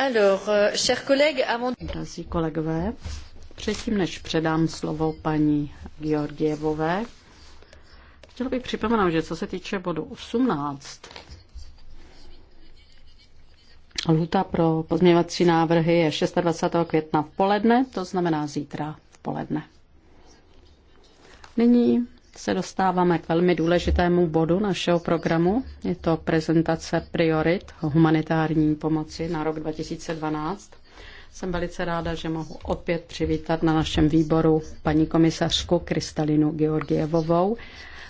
Euh, Drazí kolegové, předtím než předám slovo paní Georgievové, chtěla bych připomenout, že co se týče bodu 18, lhuta pro pozměňovací návrhy je 26. května v poledne, to znamená zítra v poledne. Nyní se dostáváme k velmi důležitému bodu našeho programu. Je to prezentace priorit humanitární pomoci na rok 2012. Jsem velice ráda, že mohu opět přivítat na našem výboru paní komisařku Kristalinu Georgievovou.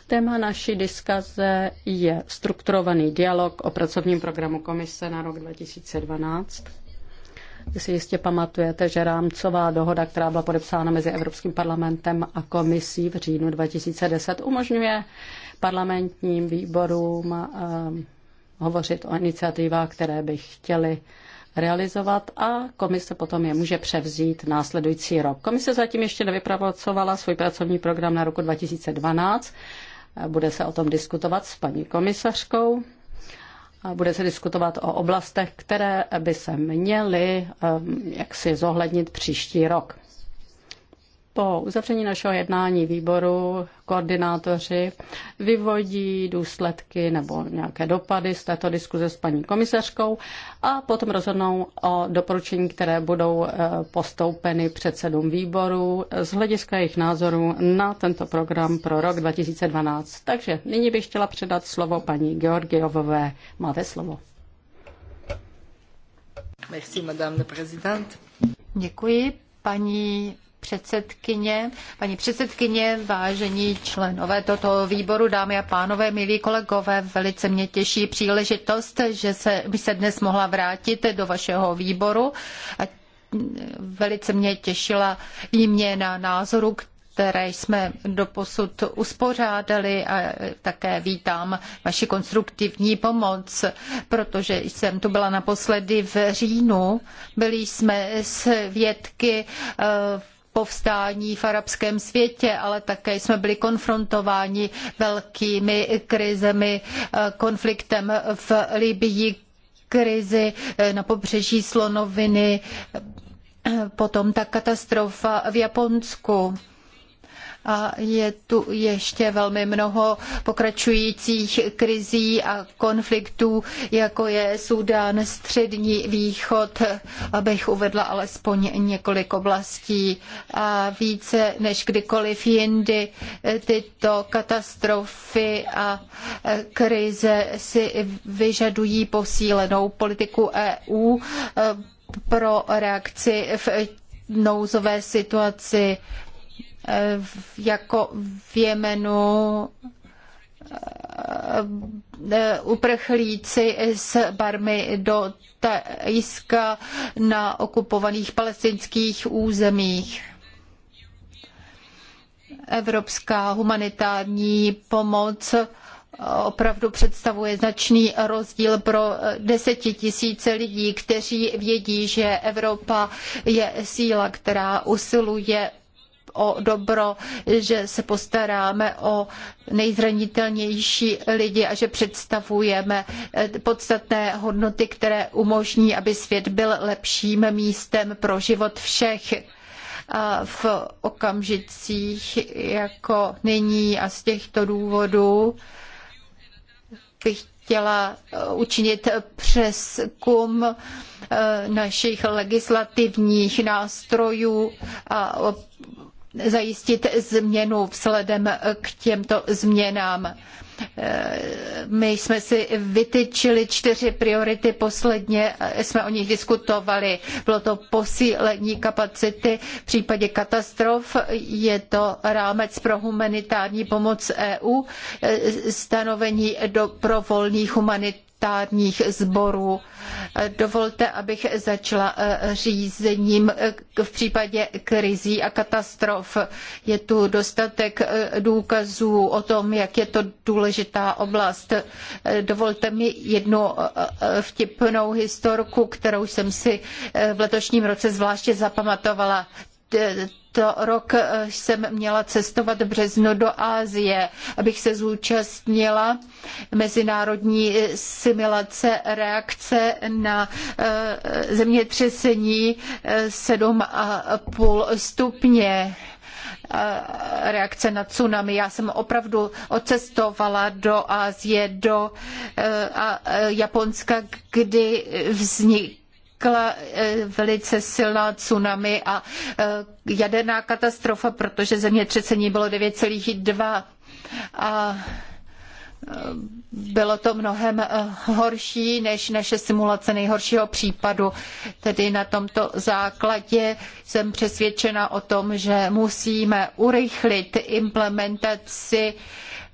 Téma naší diskaze je strukturovaný dialog o pracovním programu komise na rok 2012. Vy si jistě pamatujete, že rámcová dohoda, která byla podepsána mezi Evropským parlamentem a komisí v říjnu 2010, umožňuje parlamentním výborům ehm, hovořit o iniciativách, které by chtěli realizovat a komise potom je může převzít následující rok. Komise zatím ještě nevypracovala svůj pracovní program na roku 2012. Bude se o tom diskutovat s paní komisařkou a bude se diskutovat o oblastech, které by se měly eh, jaksi zohlednit příští rok. Po uzavření našeho jednání výboru koordinátoři vyvodí důsledky nebo nějaké dopady z této diskuze s paní komisařkou a potom rozhodnou o doporučení, které budou eh, postoupeny předsedům výboru z hlediska jejich názoru na tento program pro rok 2012. Takže nyní bych chtěla předat slovo paní Georgiovové. Máte slovo. Merci, madame la Děkuji, paní předsedkyně, paní předsedkyně, vážení členové tohoto výboru, dámy a pánové, milí kolegové, velice mě těší příležitost, že se, by se dnes mohla vrátit do vašeho výboru a velice mě těšila výměna názoru, které jsme doposud uspořádali a také vítám vaši konstruktivní pomoc, protože jsem tu byla naposledy v říjnu. Byli jsme svědky uh, povstání v arabském světě, ale také jsme byli konfrontováni velkými krizemi, eh, konfliktem v Libyi, krizi eh, na pobřeží Slonoviny, eh, potom ta katastrofa v Japonsku a je tu ještě velmi mnoho pokračujících krizí a konfliktů, jako je Súdán, Střední východ, abych uvedla alespoň několik oblastí. A více než kdykoliv jindy tyto katastrofy a krize si vyžadují posílenou politiku EU eh, pro reakci v nouzové situaci Eh, jako v Jemenu eh, eh, uprchlíci z Barmy do Tajska na okupovaných palestinských územích. Evropská humanitární pomoc opravdu představuje značný rozdíl pro desetitisíce lidí, kteří vědí, že Evropa je síla, která usiluje o dobro, že se postaráme o nejzranitelnější lidi a že představujeme eh, podstatné hodnoty, které umožní, aby svět byl lepším místem pro život všech. A v okamžicích jako nyní a z těchto důvodů bych chtěla eh, učinit přeskum eh, našich legislativních nástrojů a zajistit změnu vzhledem k těmto změnám. My jsme si vytyčili čtyři priority posledně, jsme o nich diskutovali. Bylo to posílení kapacity v případě katastrof, je to rámec pro humanitární pomoc EU, stanovení dobrovolných humanitárních statutárních sborů. Dovolte, abych začala eh, řízením v případě krizí a katastrof. Je tu dostatek eh, důkazů o tom, jak je to důležitá oblast. Eh, dovolte mi jednu vtipnou historku, kterou jsem si v letošním roce zvláště zapamatovala tento rok eh, jsem měla cestovat v březnu do Asie, abych se zúčastnila mezinárodní eh, simulace reakce na eh, zemětřesení 7,5 stupně reakce na tsunami. Já jsem opravdu odcestovala do Asie, do Japonska, kdy vznik vznikla eh, velice silná tsunami a eh, jaderná katastrofa, protože zemětřesení bylo 9,2 a eh, bylo to mnohem horší než naše simulace nejhoršího případu. Tedy na tomto základě jsem přesvědčena o tom, že musíme urychlit implementaci uh,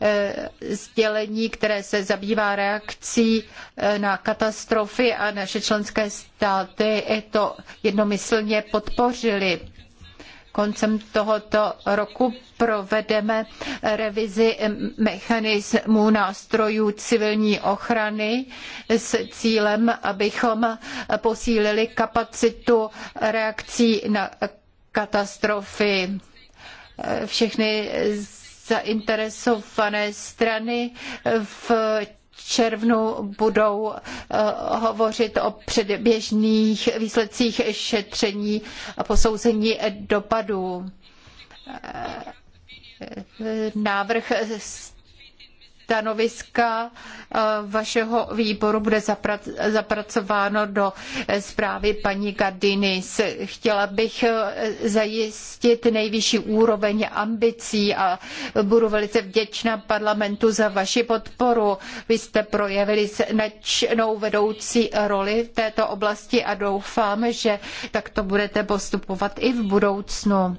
Eh, sdělení, které se zabývá reakcí eh, na katastrofy a naše členské státy to jednomyslně podpořily. Koncem tohoto roku provedeme revizi mechanismů nástrojů civilní ochrany s cílem, abychom posílili kapacitu reakcí na katastrofy. Eh, všechny zainteresované strany v červnu budou eh, hovořit o předběžných výsledcích šetření a posouzení dopadů. Eh, návrh stanoviska eh, vašeho výboru bude zapracováno do zprávy paní Gardiny. Chtěla bych eh, zajistit nejvyšší úroveň ambicí a budu velice vděčná parlamentu za vaši podporu. Vy jste projevili značnou vedoucí roli v této oblasti a doufám, že takto budete postupovat i v budoucnu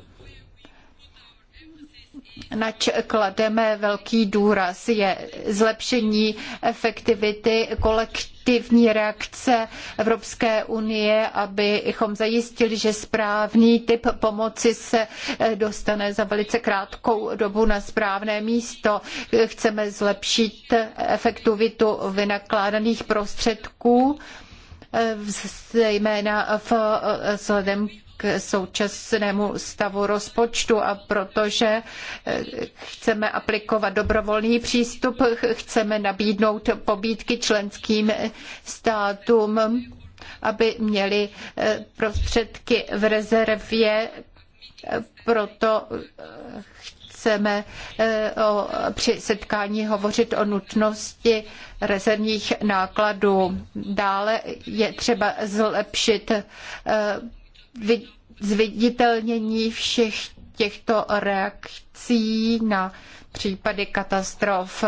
nač klademe velký důraz, je zlepšení efektivity kolektivní reakce Evropské unie, abychom zajistili, že správný typ pomoci se eh, dostane za velice krátkou dobu na správné místo. Chceme zlepšit efektivitu vynakládaných prostředků eh, zejména vzhledem k současnému stavu rozpočtu a protože eh, chceme aplikovat dobrovolný přístup, chceme nabídnout pobídky členským státům, aby měli eh, prostředky v rezervě, proto eh, chceme při setkání hovořit o nutnosti rezervních nákladů. Dále je třeba zlepšit zviditelnění všech těchto reakcí na případy katastrof.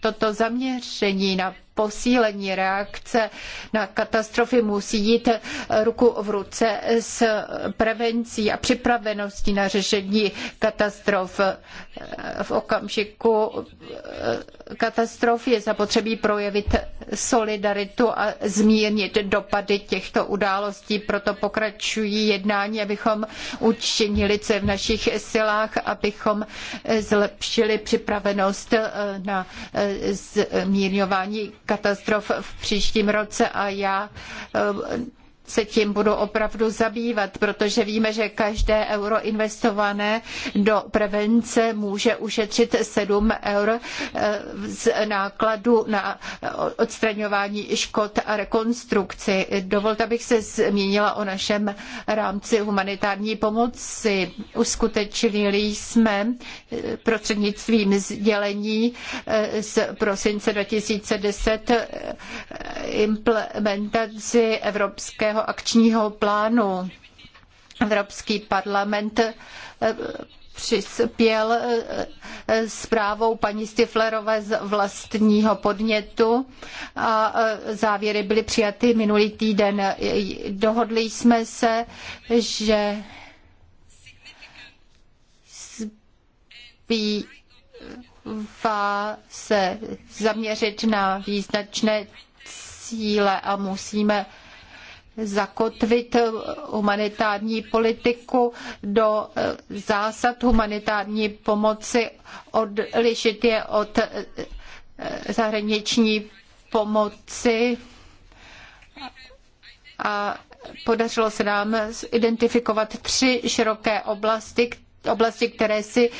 Toto zaměření na posílení reakce na katastrofy musí jít ruku v ruce s prevencí a připraveností na řešení katastrof. V okamžiku eh, katastrof je zapotřebí projevit solidaritu a zmírnit dopady těchto událostí. Proto pokračují jednání, abychom učinili, co je v našich silách, abychom zlepšili připravenost eh, na eh, zmírňování katastrof v příštím roce a já se tím budu opravdu zabývat, protože víme, že každé euro investované do prevence může ušetřit 7 eur eh, z nákladu na odstraňování škod a rekonstrukci. Dovolte, abych se zmínila o našem rámci humanitární pomoci. Uskutečnili jsme eh, prostřednictvím sdělení eh, z prosince 2010 implementaci Evropského víceletého akčního plánu. Evropský parlament eh, přispěl eh, zprávou paní Stiflerové z vlastního podnětu a eh, závěry byly přijaty minulý týden. Dohodli jsme se, že zbývá se zaměřit na význačné cíle a musíme zakotvit humanitární politiku do zásad humanitární pomoci, odlišit je od eh, zahraniční pomoci a podařilo se nám identifikovat tři široké oblasti, oblasti, které si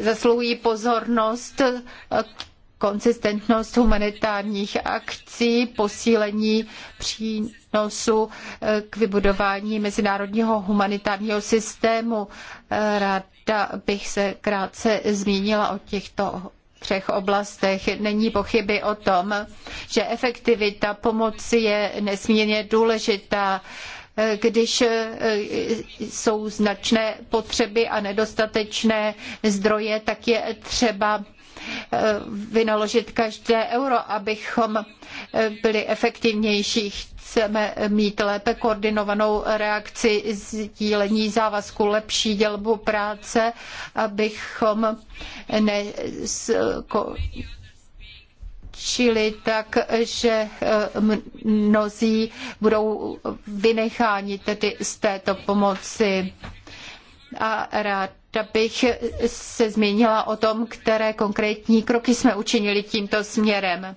zasluhují pozornost, konzistentnost humanitárních akcí, posílení přínosu eh, k vybudování mezinárodního humanitárního systému. Eh, ráda bych se krátce zmínila o těchto třech oblastech. Není pochyby o tom, že efektivita pomoci je nesmírně důležitá eh, když jsou značné potřeby a nedostatečné zdroje, tak je třeba vynaložit každé euro, abychom eh, byli efektivnější. Chceme mít lépe koordinovanou reakci sdílení závazku, lepší dělbu práce, abychom ne čili tak, že eh, mnozí budou vynecháni tedy z této pomoci. A rád ráda bych se zmínila o tom, které konkrétní kroky jsme učinili tímto směrem.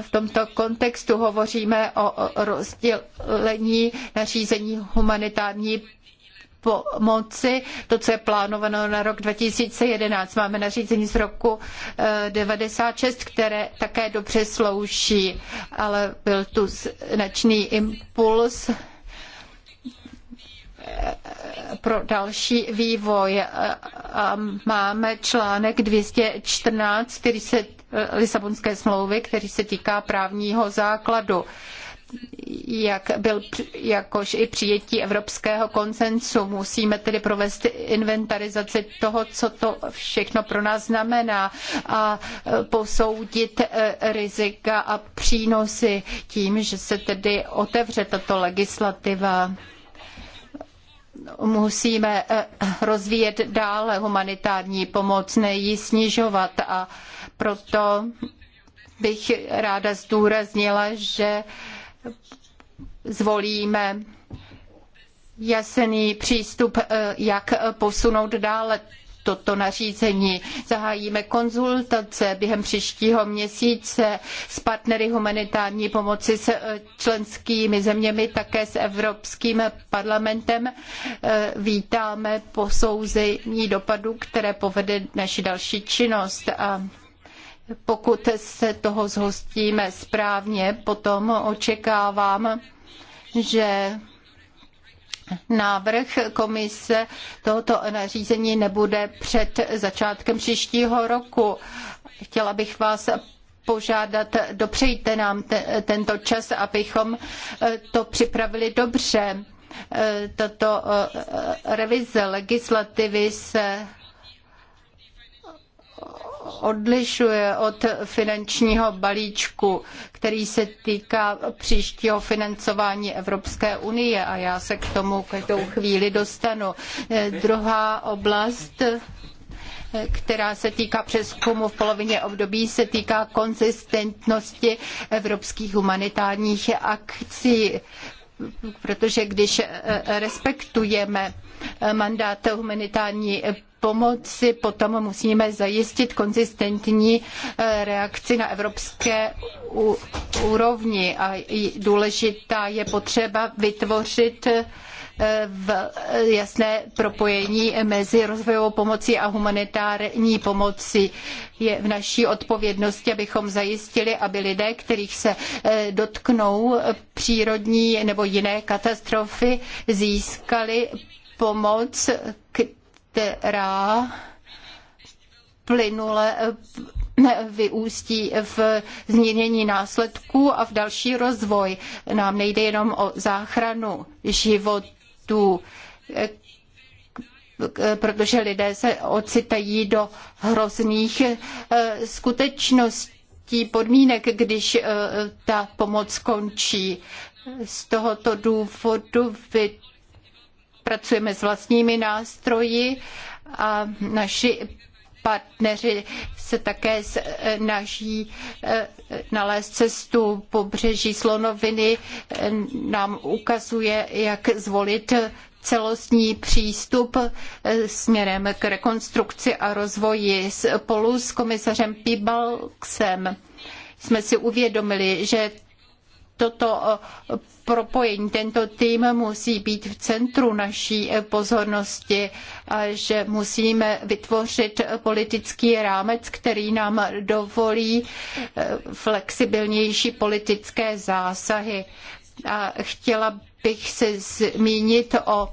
V tomto kontextu hovoříme o rozdělení nařízení humanitární pomoci, to, co je plánováno na rok 2011. Máme nařízení z roku 96, eh, které také dobře slouží, ale byl tu značný impuls pro další vývoj. A máme článek 214, který se Lisabonské smlouvy, který se týká právního základu jak byl, jakož i přijetí evropského konsensu. Musíme tedy provést inventarizaci toho, co to všechno pro nás znamená a posoudit eh, rizika a přínosy tím, že se tedy otevře tato legislativa musíme eh, rozvíjet dále humanitární pomoc, ne ji snižovat a proto bych ráda zdůraznila, že zvolíme jasný přístup, eh, jak posunout dále toto nařízení. Zahájíme konzultace během příštího měsíce s partnery humanitární pomoci s eh, členskými zeměmi, také s Evropským parlamentem. Eh, vítáme posouzení dopadů, které povede naši další činnost. A pokud se toho zhostíme správně, potom očekávám, že návrh komise tohoto nařízení nebude před začátkem příštího roku. Chtěla bych vás požádat, dopřejte nám te, tento čas, abychom eh, to připravili dobře. Eh, tato eh, revize legislativy se odlišuje od finančního balíčku, který se týká příštího financování Evropské unie a já se k tomu každou chvíli dostanu. Eh, druhá oblast eh, která se týká přeskumu v polovině období, se týká konzistentnosti evropských humanitárních akcí protože když eh, respektujeme mandát humanitární pomoci, potom musíme zajistit konzistentní eh, reakci na evropské úrovni a důležitá je potřeba vytvořit eh, v eh, jasné propojení mezi rozvojovou pomocí a humanitární pomocí. Je v naší odpovědnosti, abychom zajistili, aby lidé, kterých se dotknou přírodní nebo jiné katastrofy, získali pomoc, která plynule eh, vyústí v zmírnění následků a v další rozvoj. Nám nejde jenom o záchranu životů, eh, protože lidé se ocitají do hrozných eh, skutečností, podmínek, když ta pomoc končí. Z tohoto důvodu vy pracujeme s vlastními nástroji a naši partneři se také snaží eh, nalézt cestu pobřeží slonoviny, eh, nám ukazuje, jak zvolit celostní přístup eh, směrem k rekonstrukci a rozvoji spolu s komisařem Pibalksem jsme si uvědomili, že toto eh, propojení, tento tým musí být v centru naší eh, pozornosti a že musíme vytvořit politický rámec, který nám dovolí eh, flexibilnější politické zásahy. A chtěla bych se zmínit o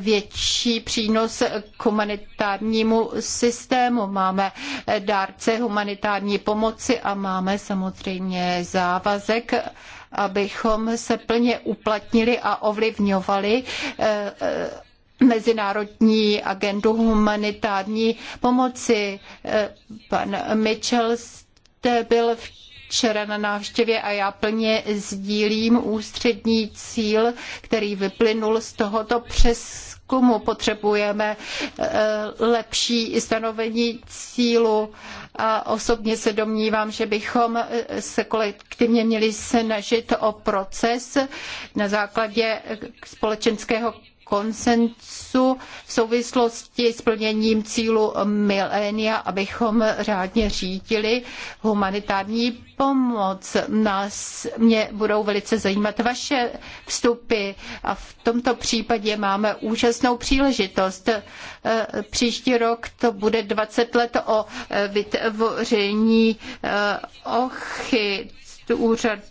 větší přínos k humanitárnímu systému. Máme dárce humanitární pomoci a máme samozřejmě závazek abychom se plně uplatnili a ovlivňovali eh, mezinárodní agendu humanitární pomoci. Eh, pan Mitchell jste byl v včera na návštěvě a já plně sdílím ústřední cíl, který vyplynul z tohoto přeskumu. Potřebujeme eh, lepší stanovení cílu a osobně se domnívám, že bychom eh, se kolektivně měli snažit o proces na základě eh, společenského konsensu v souvislosti s plněním cílu milénia, abychom řádně řídili humanitární pomoc. Nás mě budou velice zajímat vaše vstupy a v tomto případě máme úžasnou příležitost. E, příští rok to bude 20 let o vytvoření e, ochy úřadu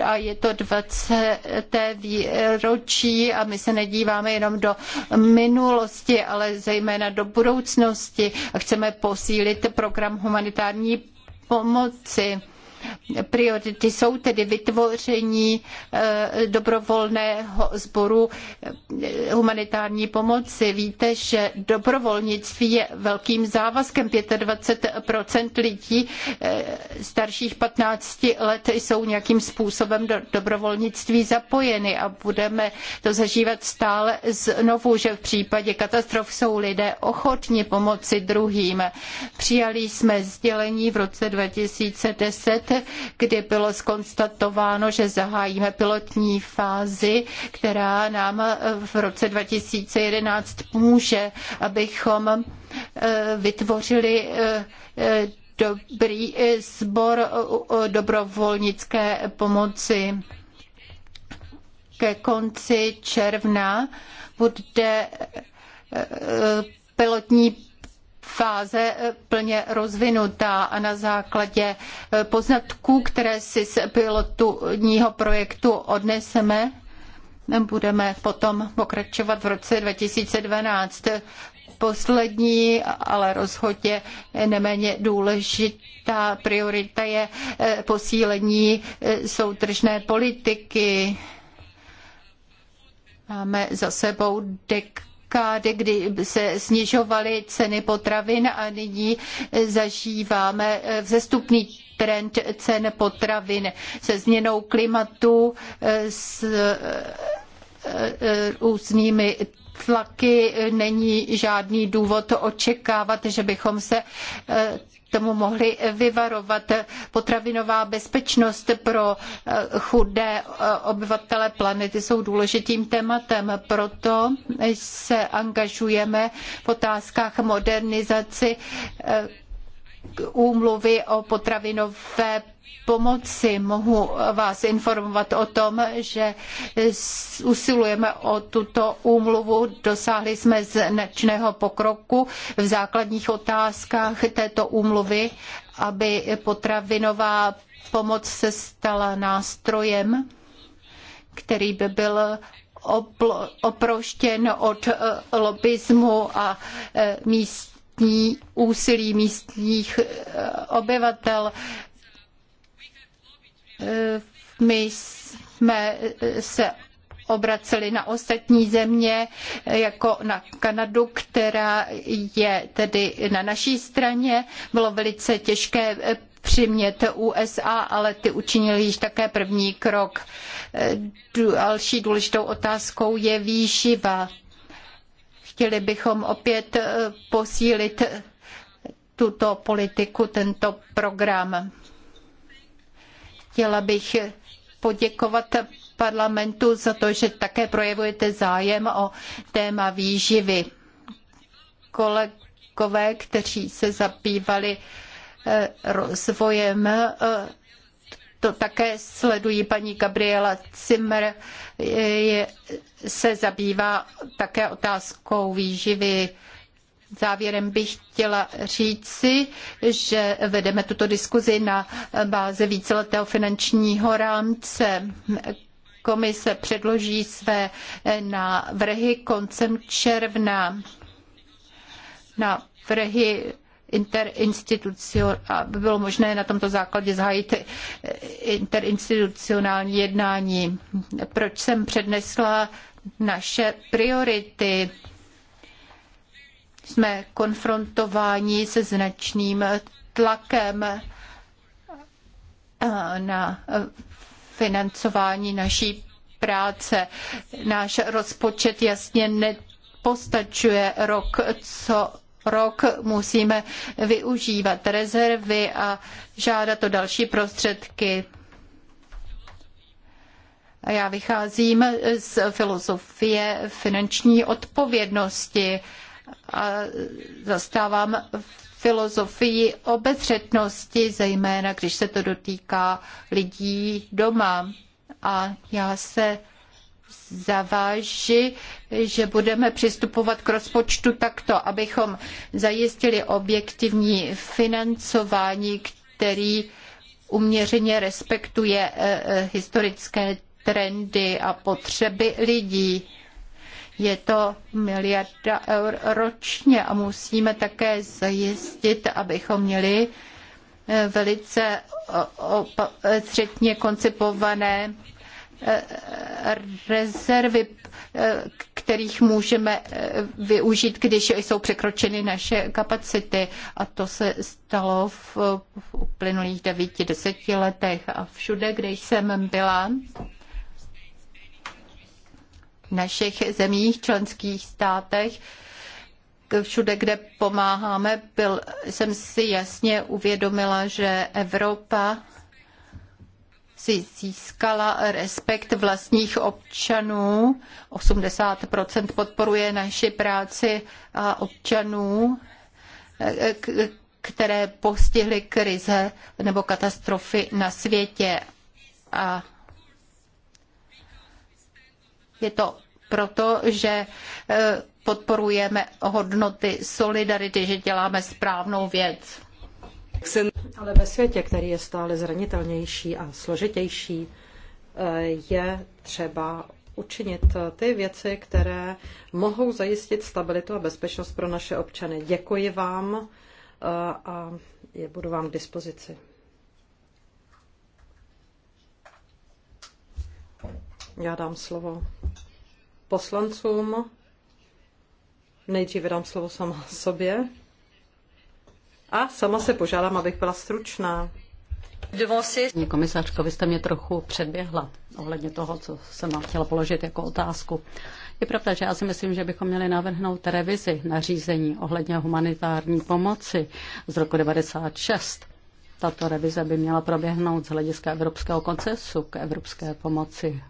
a je to 20. výročí a my se nedíváme jenom do minulosti, ale zejména do budoucnosti a chceme posílit program humanitární pomoci Priority jsou tedy vytvoření eh, dobrovolného sboru eh, humanitární pomoci. Víte, že dobrovolnictví je velkým závazkem. 25 lidí eh, starších 15 let jsou nějakým způsobem do dobrovolnictví zapojeny a budeme to zažívat stále znovu, že v případě katastrof jsou lidé ochotni pomoci druhým. Přijali jsme sdělení v roce 2010 kdy bylo skonstatováno, že zahájíme pilotní fázi, která nám eh, v roce 2011 pomůže, abychom eh, vytvořili eh, dobrý sbor dobrovolnické pomoci. Ke konci června bude pilotní fáze eh, plně rozvinutá a na základě eh, poznatků, které si z pilotního projektu odneseme, budeme potom pokračovat v roce 2012. Poslední, ale rozhodně neméně důležitá priorita je eh, posílení soudržné politiky. Máme za sebou dek dekády, kdy se snižovaly ceny potravin a nyní zažíváme vzestupný trend cen potravin se změnou klimatu, s eh, různými tlaky. Není žádný důvod očekávat, že bychom se eh, tomu mohli vyvarovat. Potravinová bezpečnost pro eh, chudé eh, obyvatele planety jsou důležitým tématem, proto se angažujeme v otázkách modernizaci eh, úmluvy o potravinové pomoci. Mohu vás informovat o tom, že usilujeme o tuto úmluvu. Dosáhli jsme značného pokroku v základních otázkách této úmluvy, aby potravinová pomoc se stala nástrojem, který by byl oproštěn od lobbyzmu a e, míst místní úsilí místních eh, obyvatel. Eh, my jsme eh, se obraceli na ostatní země, jako na Kanadu, která je tedy na naší straně. Bylo velice těžké přimět USA, ale ty učinili již také první krok. Další důležitou otázkou je výživa. Chtěli bychom opět eh, posílit tuto politiku, tento program. Chtěla bych poděkovat parlamentu za to, že také projevujete zájem o téma výživy. Kolegové, kteří se zabývali eh, rozvojem eh, to také sledují. Paní Gabriela Zimmer se zabývá také otázkou výživy. Závěrem bych chtěla říci, že vedeme tuto diskuzi na bázi víceletého finančního rámce. Komise předloží své návrhy koncem června. Návrhy interinstitucionální, aby bylo možné na tomto základě zahájit eh, interinstitucionální jednání. Proč jsem přednesla naše priority? Jsme konfrontováni se značným tlakem eh, na eh, financování naší práce. Náš rozpočet jasně nepostačuje rok co rok musíme využívat rezervy a žádat o další prostředky. já vycházím z filozofie finanční odpovědnosti a zastávám filozofii obezřetnosti, zejména když se to dotýká lidí doma. A já se zaváži, že budeme přistupovat k rozpočtu takto, abychom zajistili objektivní financování, který uměřeně respektuje eh, eh, historické trendy a potřeby lidí. Je to miliarda eur ročně a musíme také zajistit, abychom měli eh, velice střetně koncipované rezervy, kterých můžeme eh, využít, když jsou překročeny naše kapacity. A to se stalo v uplynulých devíti, deseti letech. A všude, kde jsem byla, v našich zemích, členských státech, všude, kde pomáháme, byl, jsem si jasně uvědomila, že Evropa si získala respekt vlastních občanů. 80% podporuje naši práci a občanů, které postihly krize nebo katastrofy na světě. A je to proto, že e, podporujeme hodnoty solidarity, že děláme správnou věc. Ale ve světě, který je stále zranitelnější a složitější, eh, je třeba učinit eh, ty věci, které mohou zajistit stabilitu a bezpečnost pro naše občany. Děkuji vám eh, a je budu vám k dispozici. Já dám slovo poslancům. Nejdříve dám slovo sama sobě a sama se požádám, abych byla stručná. Pani komisařko, vy jste mě trochu předběhla ohledně toho, co jsem vám chtěla položit jako otázku. Je pravda, že já si myslím, že bychom měli navrhnout revizi nařízení ohledně humanitární pomoci z roku 96. Tato revize by měla proběhnout z hlediska evropského koncesu k evropské pomoci.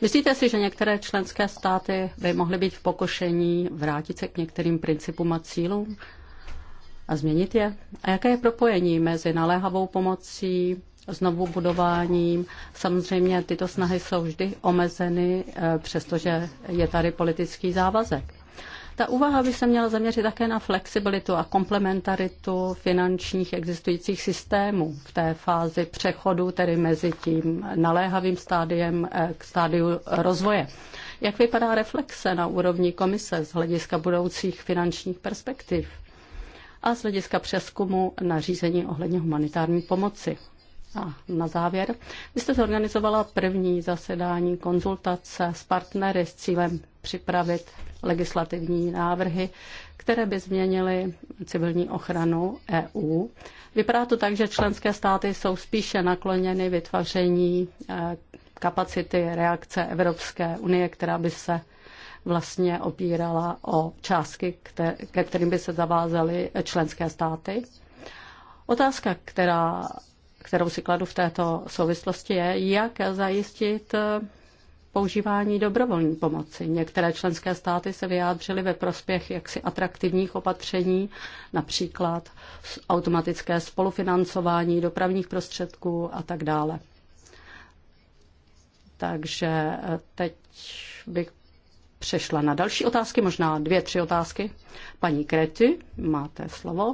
Myslíte si, že některé členské státy by mohly být v pokušení vrátit se k některým principům a cílům a změnit je? A jaké je propojení mezi naléhavou pomocí, znovu budováním? Samozřejmě tyto snahy jsou vždy omezeny, e, přestože je tady politický závazek. Ta úvaha by se měla zaměřit také na flexibilitu a komplementaritu finančních existujících systémů v té fázi přechodu, tedy mezi tím naléhavým stádiem e, k stádiu rozvoje. Jak vypadá reflexe na úrovni komise z hlediska budoucích finančních perspektiv? a z hlediska přeskumu nařízení ohledně humanitární pomoci. A na závěr, vy jste zorganizovala první zasedání konzultace s partnery s cílem připravit legislativní návrhy, které by změnily civilní ochranu EU. Vypadá to tak, že členské státy jsou spíše nakloněny vytvoření eh, kapacity reakce Evropské unie, která by se vlastně opírala o částky, ke kterým by se zavázaly členské státy. Otázka, která, kterou si kladu v této souvislosti, je, jak zajistit používání dobrovolní pomoci. Některé členské státy se vyjádřily ve prospěch jaksi atraktivních opatření, například automatické spolufinancování dopravních prostředků a tak dále. Takže teď bych přešla na další otázky, možná dvě, tři otázky. Paní Krety, máte slovo.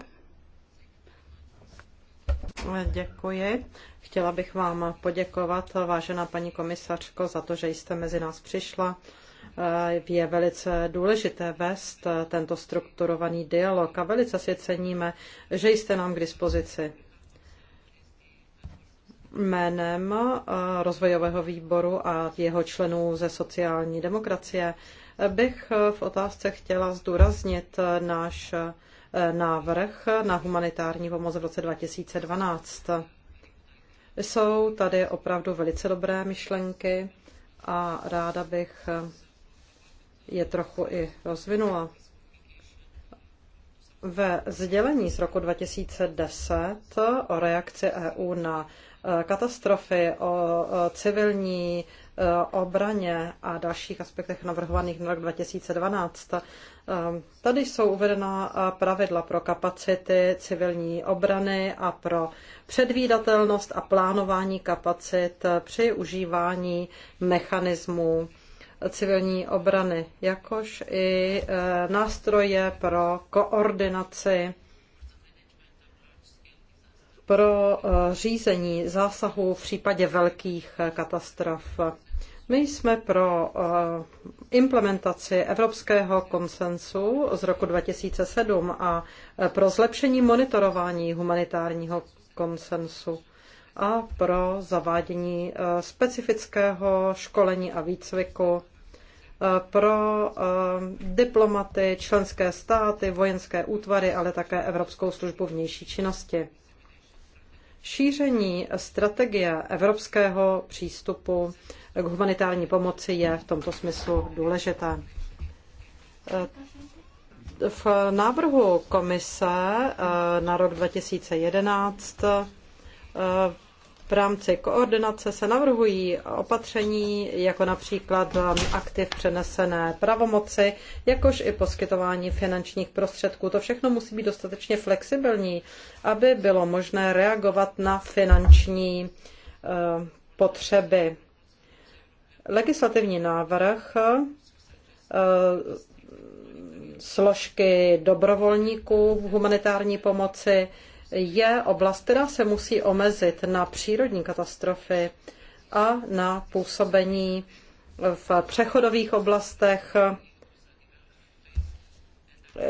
Děkuji. Chtěla bych vám poděkovat, vážená paní komisařko, za to, že jste mezi nás přišla. Je velice důležité vést tento strukturovaný dialog a velice si ceníme, že jste nám k dispozici jménem eh, rozvojového výboru a jeho členů ze sociální demokracie bych v otázce chtěla zdůraznit náš eh, návrh na humanitární pomoc v roce 2012. Jsou tady opravdu velice dobré myšlenky a ráda bych eh, je trochu i rozvinula. Ve sdělení z roku 2010 o reakci EU na eh, katastrofy, o civilní Eh, obraně a dalších aspektech navrhovaných na rok 2012. Eh, tady jsou uvedena eh, pravidla pro kapacity civilní obrany a pro předvídatelnost a plánování kapacit při užívání mechanismů civilní obrany, jakož i nástroje pro koordinaci pro eh, řízení zásahu v případě velkých eh, katastrof. My jsme pro eh, implementaci Evropského konsensu z roku 2007 a pro zlepšení monitorování humanitárního konsensu a pro zavádění specifického školení a výcviku pro diplomaty, členské státy, vojenské útvary, ale také Evropskou službu vnější činnosti. Šíření strategie evropského přístupu k humanitární pomoci je v tomto smyslu důležité. V návrhu komise eh, na rok 2011 eh, v rámci koordinace se navrhují opatření, jako například um, aktiv přenesené pravomoci, jakož i poskytování finančních prostředků. To všechno musí být dostatečně flexibilní, aby bylo možné reagovat na finanční uh, potřeby. Legislativní návrh uh, složky dobrovolníků v humanitární pomoci je oblast, která se musí omezit na přírodní katastrofy a na působení v přechodových oblastech,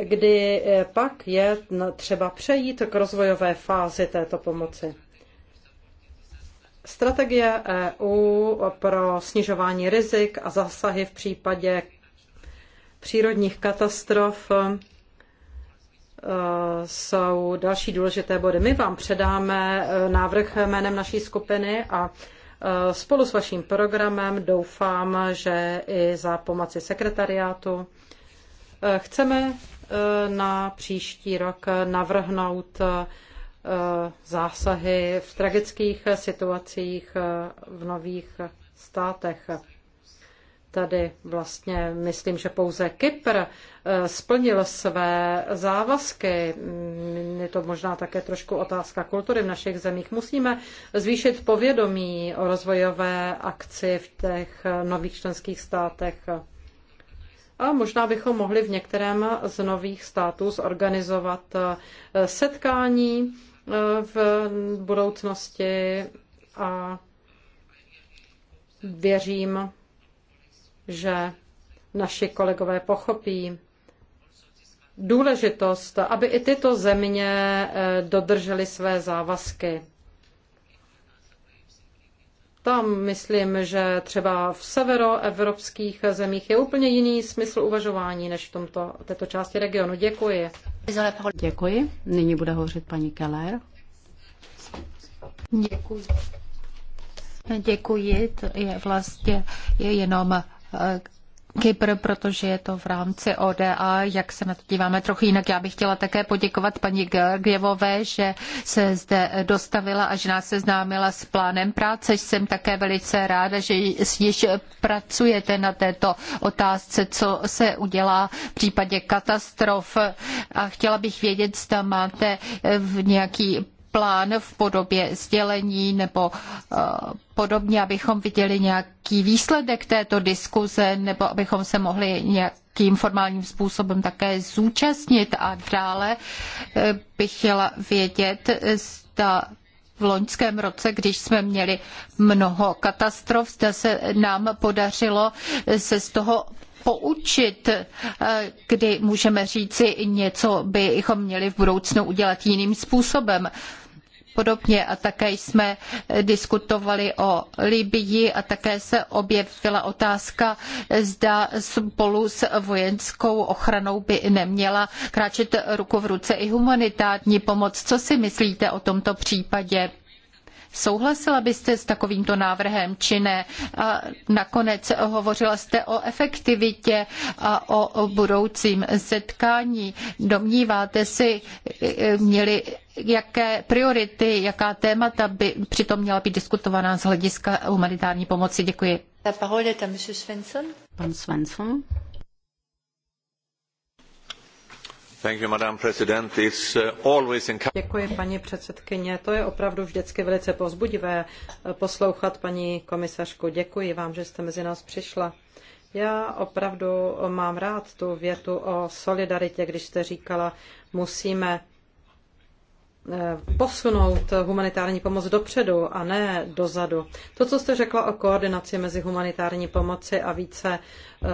kdy pak je třeba přejít k rozvojové fázi této pomoci. Strategie EU pro snižování rizik a zásahy v případě přírodních katastrof Eh, jsou další důležité body. My vám předáme eh, návrh jménem naší skupiny a eh, spolu s vaším programem doufám, že i za pomoci sekretariátu chceme na příští rok navrhnout zásahy v tragických situacích v nových státech. Tady vlastně myslím, že pouze Kypr eh, splnil své závazky. Mm, je to možná také trošku otázka kultury v našich zemích. Musíme zvýšit povědomí o rozvojové akci v těch eh, nových členských státech. A možná bychom mohli v některém z nových států zorganizovat eh, setkání v budoucnosti a věřím, že naši kolegové pochopí důležitost, aby i tyto země eh, dodržely své závazky. Tam myslím, že třeba v severoevropských zemích je úplně jiný smysl uvažování než v tomto, této části regionu. Děkuji. Děkuji. Nyní bude hovořit paní Keller. Děkuji. Děkuji, to je vlastně jenom Kypr, protože je to v rámci ODA, jak se na to díváme trochu jinak. Já bych chtěla také poděkovat paní Georgievové, že se zde dostavila a že nás seznámila s plánem práce. Jsem také velice ráda, že již pracujete na této otázce, co se udělá v případě katastrof. A chtěla bych vědět, zda máte nějaký plán v podobě sdělení nebo eh, podobně, abychom viděli nějaký výsledek této diskuze nebo abychom se mohli nějakým formálním způsobem také zúčastnit. A dále eh, bych chtěla vědět, zda v loňském roce, když jsme měli mnoho katastrof, zda se nám podařilo se z toho poučit, eh, kdy můžeme říci, něco bychom měli v budoucnu udělat jiným způsobem podobně. A také jsme diskutovali o Libyi a také se objevila otázka, zda spolu s vojenskou ochranou by neměla kráčet ruku v ruce i humanitární pomoc. Co si myslíte o tomto případě? Souhlasila byste s takovýmto návrhem či ne? A nakonec hovořila jste o efektivitě a o budoucím setkání. Domníváte si, měli jaké priority, jaká témata by přitom měla být diskutovaná z hlediska humanitární pomoci? Děkuji. Pan Svensson. Uh, Děkuji, paní předsedající To je opravdu vždycky velice povzbudivé eh, poslouchat paní komisařku. Děkuji vám, že jste mezi nás přišla. Já opravdu mám rád tu větu o solidaritě, když jste říkala, musíme Eh, posunout humanitární pomoc dopředu a ne dozadu. To, co jste řekla o koordinaci mezi humanitární pomoci a více eh,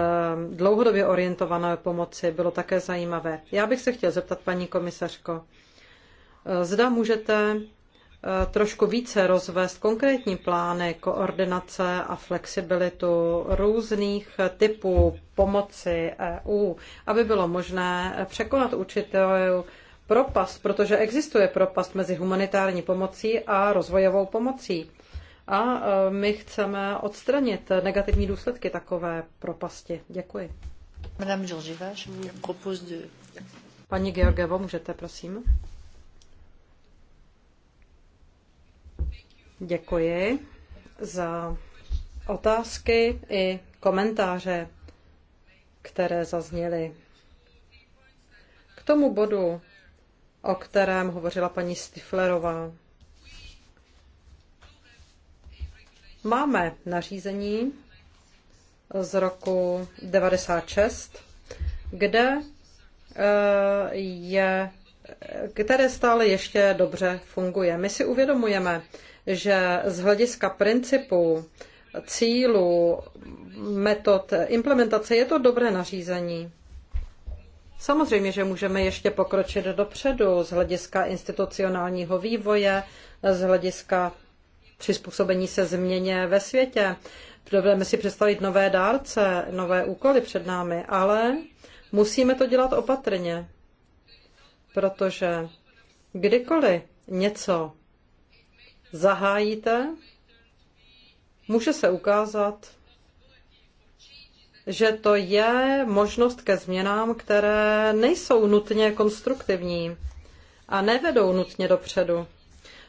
dlouhodobě orientované pomoci, bylo také zajímavé. Já bych se chtěl zeptat, paní komisařko, eh, zda můžete trošku více rozvést konkrétní plány koordinace a flexibilitu různých typů pomoci EU, aby bylo možné překonat určitou propast, protože existuje propast mezi humanitární pomocí a rozvojovou pomocí. A e, my chceme odstranit negativní důsledky takové propasti. Děkuji. Madame Georgieva, je vous propose de... Paní Georgievo, můžete, prosím. Děkuji za otázky i komentáře, které zazněly. K tomu bodu, o kterém hovořila paní Stiflerová. Máme nařízení z roku 96, kde eh, je, které stále ještě dobře funguje. My si uvědomujeme, že z hlediska principu cílů, metod implementace je to dobré nařízení. Samozřejmě, že můžeme ještě pokročit dopředu z hlediska institucionálního vývoje, z hlediska přizpůsobení se změně ve světě. Dovedeme si představit nové dárce, nové úkoly před námi, ale musíme to dělat opatrně, protože kdykoliv něco zahájíte, může se ukázat, že to je možnost ke změnám, které nejsou nutně konstruktivní a nevedou nutně dopředu.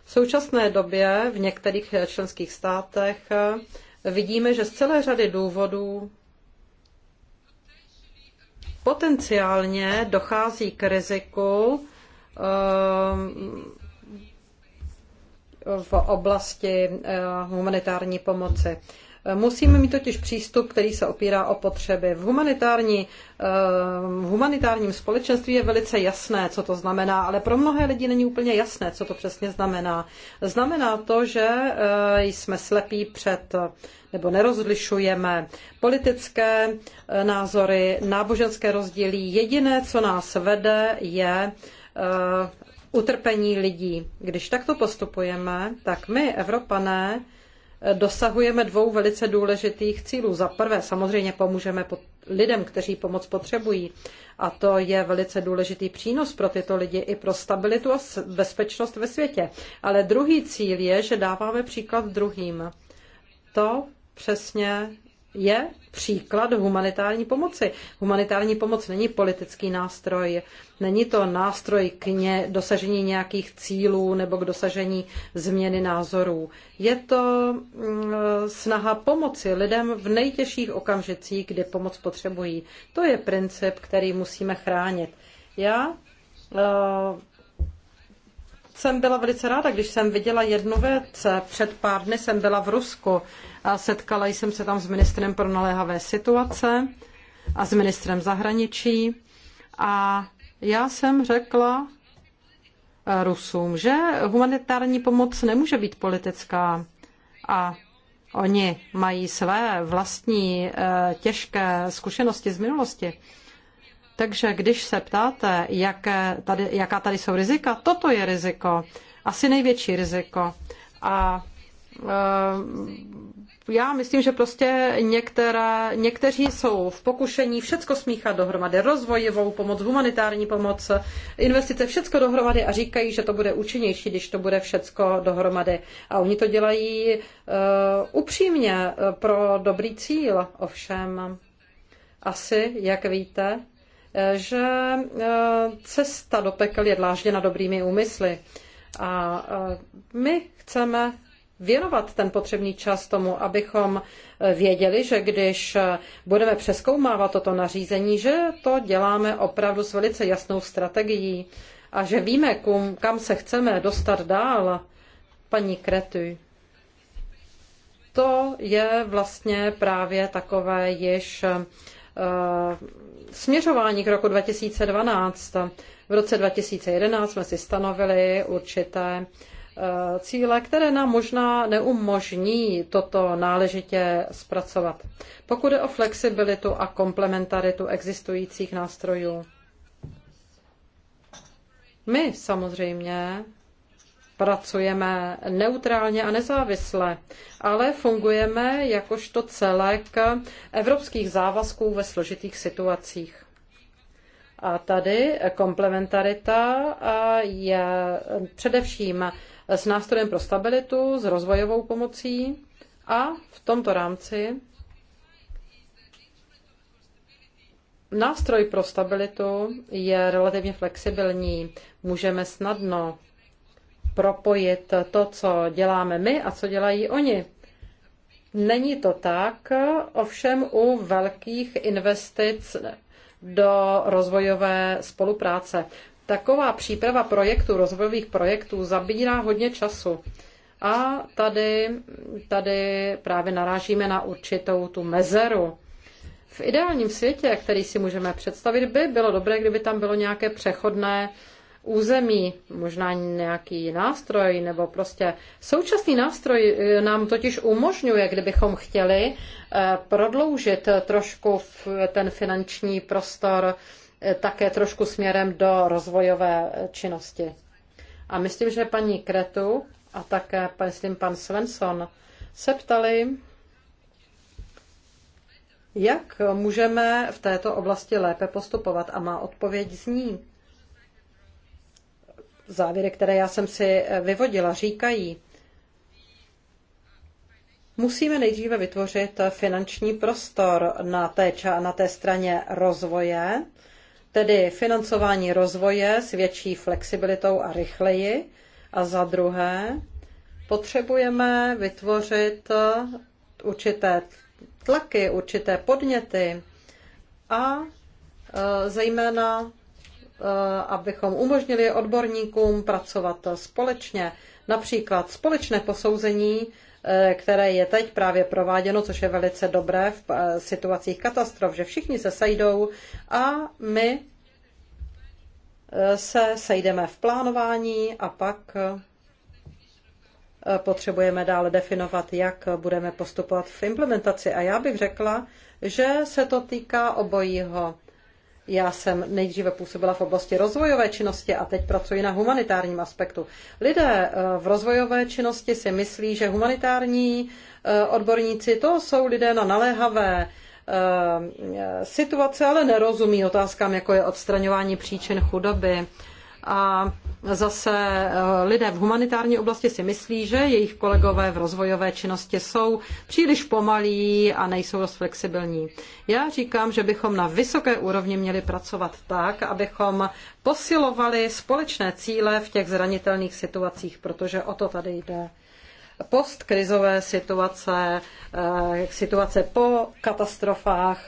V současné době v některých členských státech vidíme, že z celé řady důvodů potenciálně dochází k riziku ehm, v oblasti eh, humanitární pomoci. Musíme mít totiž přístup, který se opírá o potřeby. V, humanitární, eh, v humanitárním společenství je velice jasné, co to znamená, ale pro mnohé lidi není úplně jasné, co to přesně znamená. Znamená to, že eh, jsme slepí před nebo nerozlišujeme politické eh, názory, náboženské rozdíly. Jediné, co nás vede, je utrpení lidí. Když takto postupujeme, tak my, Evropané, dosahujeme dvou velice důležitých cílů. Za prvé, samozřejmě pomůžeme lidem, kteří pomoc potřebují. A to je velice důležitý přínos pro tyto lidi i pro stabilitu a bezpečnost ve světě. Ale druhý cíl je, že dáváme příklad druhým. To přesně je příklad humanitární pomoci. Humanitární pomoc není politický nástroj, není to nástroj k ně, dosažení nějakých cílů nebo k dosažení změny názorů. Je to mm, snaha pomoci lidem v nejtěžších okamžicích, kdy pomoc potřebují. To je princip, který musíme chránit. Já e, jsem byla velice ráda, když jsem viděla jednu věc. Před pár dny jsem byla v Rusku setkala jsem se tam s ministrem pro naléhavé situace a s ministrem zahraničí a já jsem řekla eh, Rusům, že humanitární pomoc nemůže být politická a oni mají své vlastní eh, těžké zkušenosti z minulosti. Takže když se ptáte, jaké tady, jaká tady jsou rizika, toto je riziko, asi největší riziko. A Eh, já myslím, že prostě některé, někteří jsou v pokušení všecko smíchat dohromady, rozvojovou pomoc, humanitární pomoc, investice, všecko dohromady a říkají, že to bude účinnější, když to bude všecko dohromady. A oni to dělají uh, upřímně pro dobrý cíl, ovšem asi, jak víte, eh, že cesta do pekel je dlážděna dobrými úmysly. A my chceme věnovat ten potřebný čas tomu, abychom eh, věděli, že když eh, budeme přeskoumávat toto nařízení, že to děláme opravdu s velice jasnou strategií a že víme, kum, kam se chceme dostat dál, paní Kretu. To je vlastně právě takové již eh, směřování k roku 2012. V roce 2011 jsme si stanovili určité Eh, cíle, které nám možná neumožní toto náležitě zpracovat. Pokud je o flexibilitu a komplementaritu existujících nástrojů. My samozřejmě pracujeme neutrálně a nezávisle, ale fungujeme jakožto celek evropských závazků ve složitých situacích. A tady komplementarita eh, je především s nástrojem pro stabilitu, s rozvojovou pomocí a v tomto rámci nástroj pro stabilitu je relativně flexibilní. Můžeme snadno propojit to, co děláme my a co dělají oni. Není to tak, ovšem u velkých investic do rozvojové spolupráce. Taková příprava projektu, rozvojových projektů, zabírá hodně času. A tady, tady právě narážíme na určitou tu mezeru. V ideálním světě, který si můžeme představit, by bylo dobré, kdyby tam bylo nějaké přechodné území, možná nějaký nástroj nebo prostě současný nástroj eh, nám totiž umožňuje, kdybychom chtěli eh, prodloužit trošku ten finanční prostor Eh, také trošku směrem do rozvojové činnosti. A myslím, že paní Kretu a také, myslím, pan Svensson se ptali, jak můžeme v této oblasti lépe postupovat? A má odpověď zní. Závěry, které já jsem si eh, vyvodila, říkají, musíme nejdříve vytvořit finanční prostor na té, na té straně rozvoje, tedy financování rozvoje s větší flexibilitou a rychleji. A za druhé, potřebujeme vytvořit eh, určité tlaky, určité podněty a eh, zejména, eh, abychom umožnili odborníkům pracovat společně, například společné posouzení Eh, které je teď právě prováděno, což je velice dobré v eh, situacích katastrof, že všichni se sejdou a my eh, se sejdeme v plánování a pak potřebujeme dále definovat, jak budeme postupovat v implementaci. A já bych řekla, že se to týká obojího. Já jsem nejdříve působila v oblasti rozvojové činnosti a teď pracuji na humanitárním aspektu. Lidé eh, v rozvojové činnosti si myslí, že humanitární eh, odborníci to jsou lidé na naléhavé eh, situace, ale nerozumí otázkám, jako je odstraňování příčin chudoby a Zase eh, lidé v humanitární oblasti si myslí, že jejich kolegové v rozvojové činnosti jsou příliš pomalí a nejsou dost flexibilní. Já říkám, že bychom na vysoké úrovni měli pracovat tak, abychom posilovali společné cíle v těch zranitelných situacích, protože o to tady jde postkrizové situace, eh, situace po katastrofách,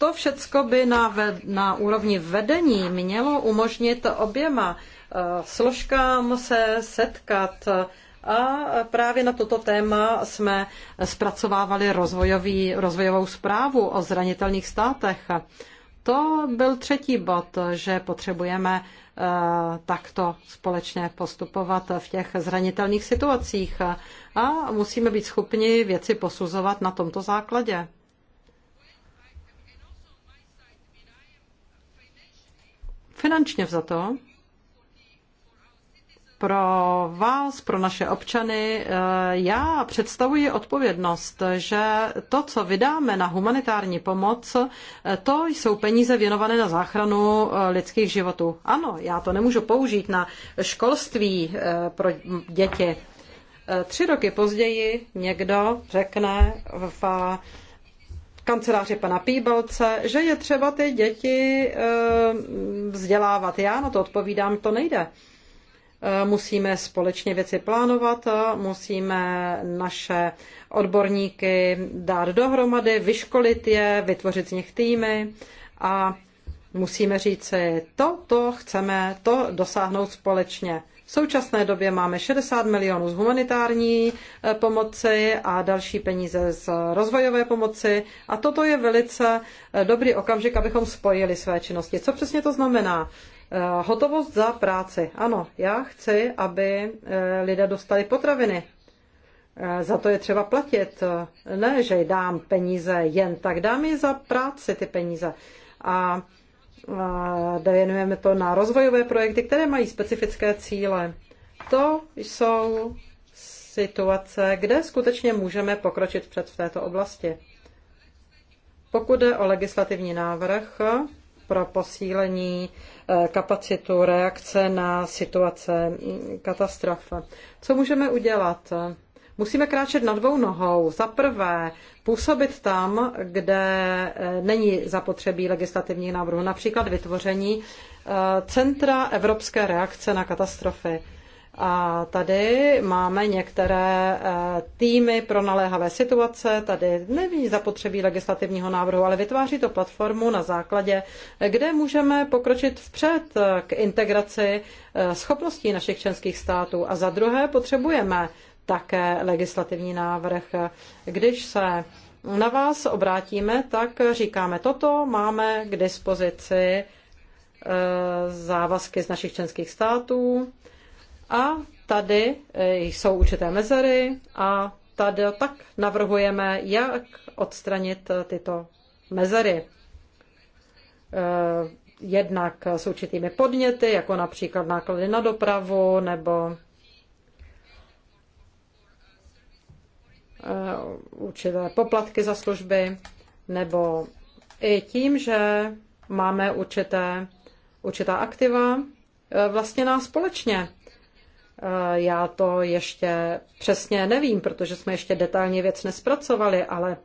to všecko by na, na úrovni vedení mělo umožnit oběma eh, složkám se setkat. A právě na toto téma jsme zpracovávali rozvojový, rozvojovou zprávu o zranitelných státech. To byl třetí bod, že potřebujeme eh, takto společně postupovat v těch zranitelných situacích a musíme být schopni věci posuzovat na tomto základě. Finančně za to pro vás, pro naše občany, eh, já představuji odpovědnost, že to, co vydáme na humanitární pomoc, eh, to jsou peníze věnované na záchranu eh, lidských životů. Ano, já to nemůžu použít na školství pro děti. Tři roky později někdo řekne v kanceláři pana Píbalce, že je třeba ty děti eh, vzdělávat. Já na to odpovídám, to nejde. Eh, musíme společně věci plánovat, eh, musíme naše odborníky dát dohromady, vyškolit je, vytvořit z nich týmy a musíme říci, to, to chceme, to dosáhnout společně. V současné době máme 60 milionů z humanitární eh, pomoci a další peníze z rozvojové pomoci a toto je velice eh, dobrý okamžik, abychom spojili své činnosti. Co přesně to znamená? Eh, hotovost za práci. Ano, já chci, aby lidé dostali potraviny. Za to je třeba platit. Ne, že dám peníze jen tak, dám je za práci ty peníze. A Dejenujeme to na rozvojové projekty, které mají specifické cíle. To jsou situace, kde skutečně můžeme pokročit před v této oblasti. Pokud jde o legislativní návrh pro posílení e, kapacitu reakce na situace katastrof, co můžeme udělat? Musíme kráčet na dvou nohou. Za prvé, působit tam, kde eh, není zapotřebí legislativní návrhu, například vytvoření eh, Centra evropské reakce na katastrofy. A tady máme některé eh, týmy pro naléhavé situace, tady není zapotřebí legislativního návrhu, ale vytváří to platformu na základě, kde můžeme pokročit vpřed k integraci schopností našich členských států. A za druhé potřebujeme také legislativní návrh. Když se na vás obrátíme, tak říkáme, toto máme k dispozici e, závazky z našich členských států a tady e, jsou určité mezery a tady tak navrhujeme, jak odstranit e, tyto mezery. Jednak s určitými podněty, jako například náklady na dopravu nebo Eh, určité poplatky za služby, nebo i tím, že máme určité, určitá aktiva eh, vlastněná společně. Eh, já to ještě přesně nevím, protože jsme ještě detailně věc nespracovali, ale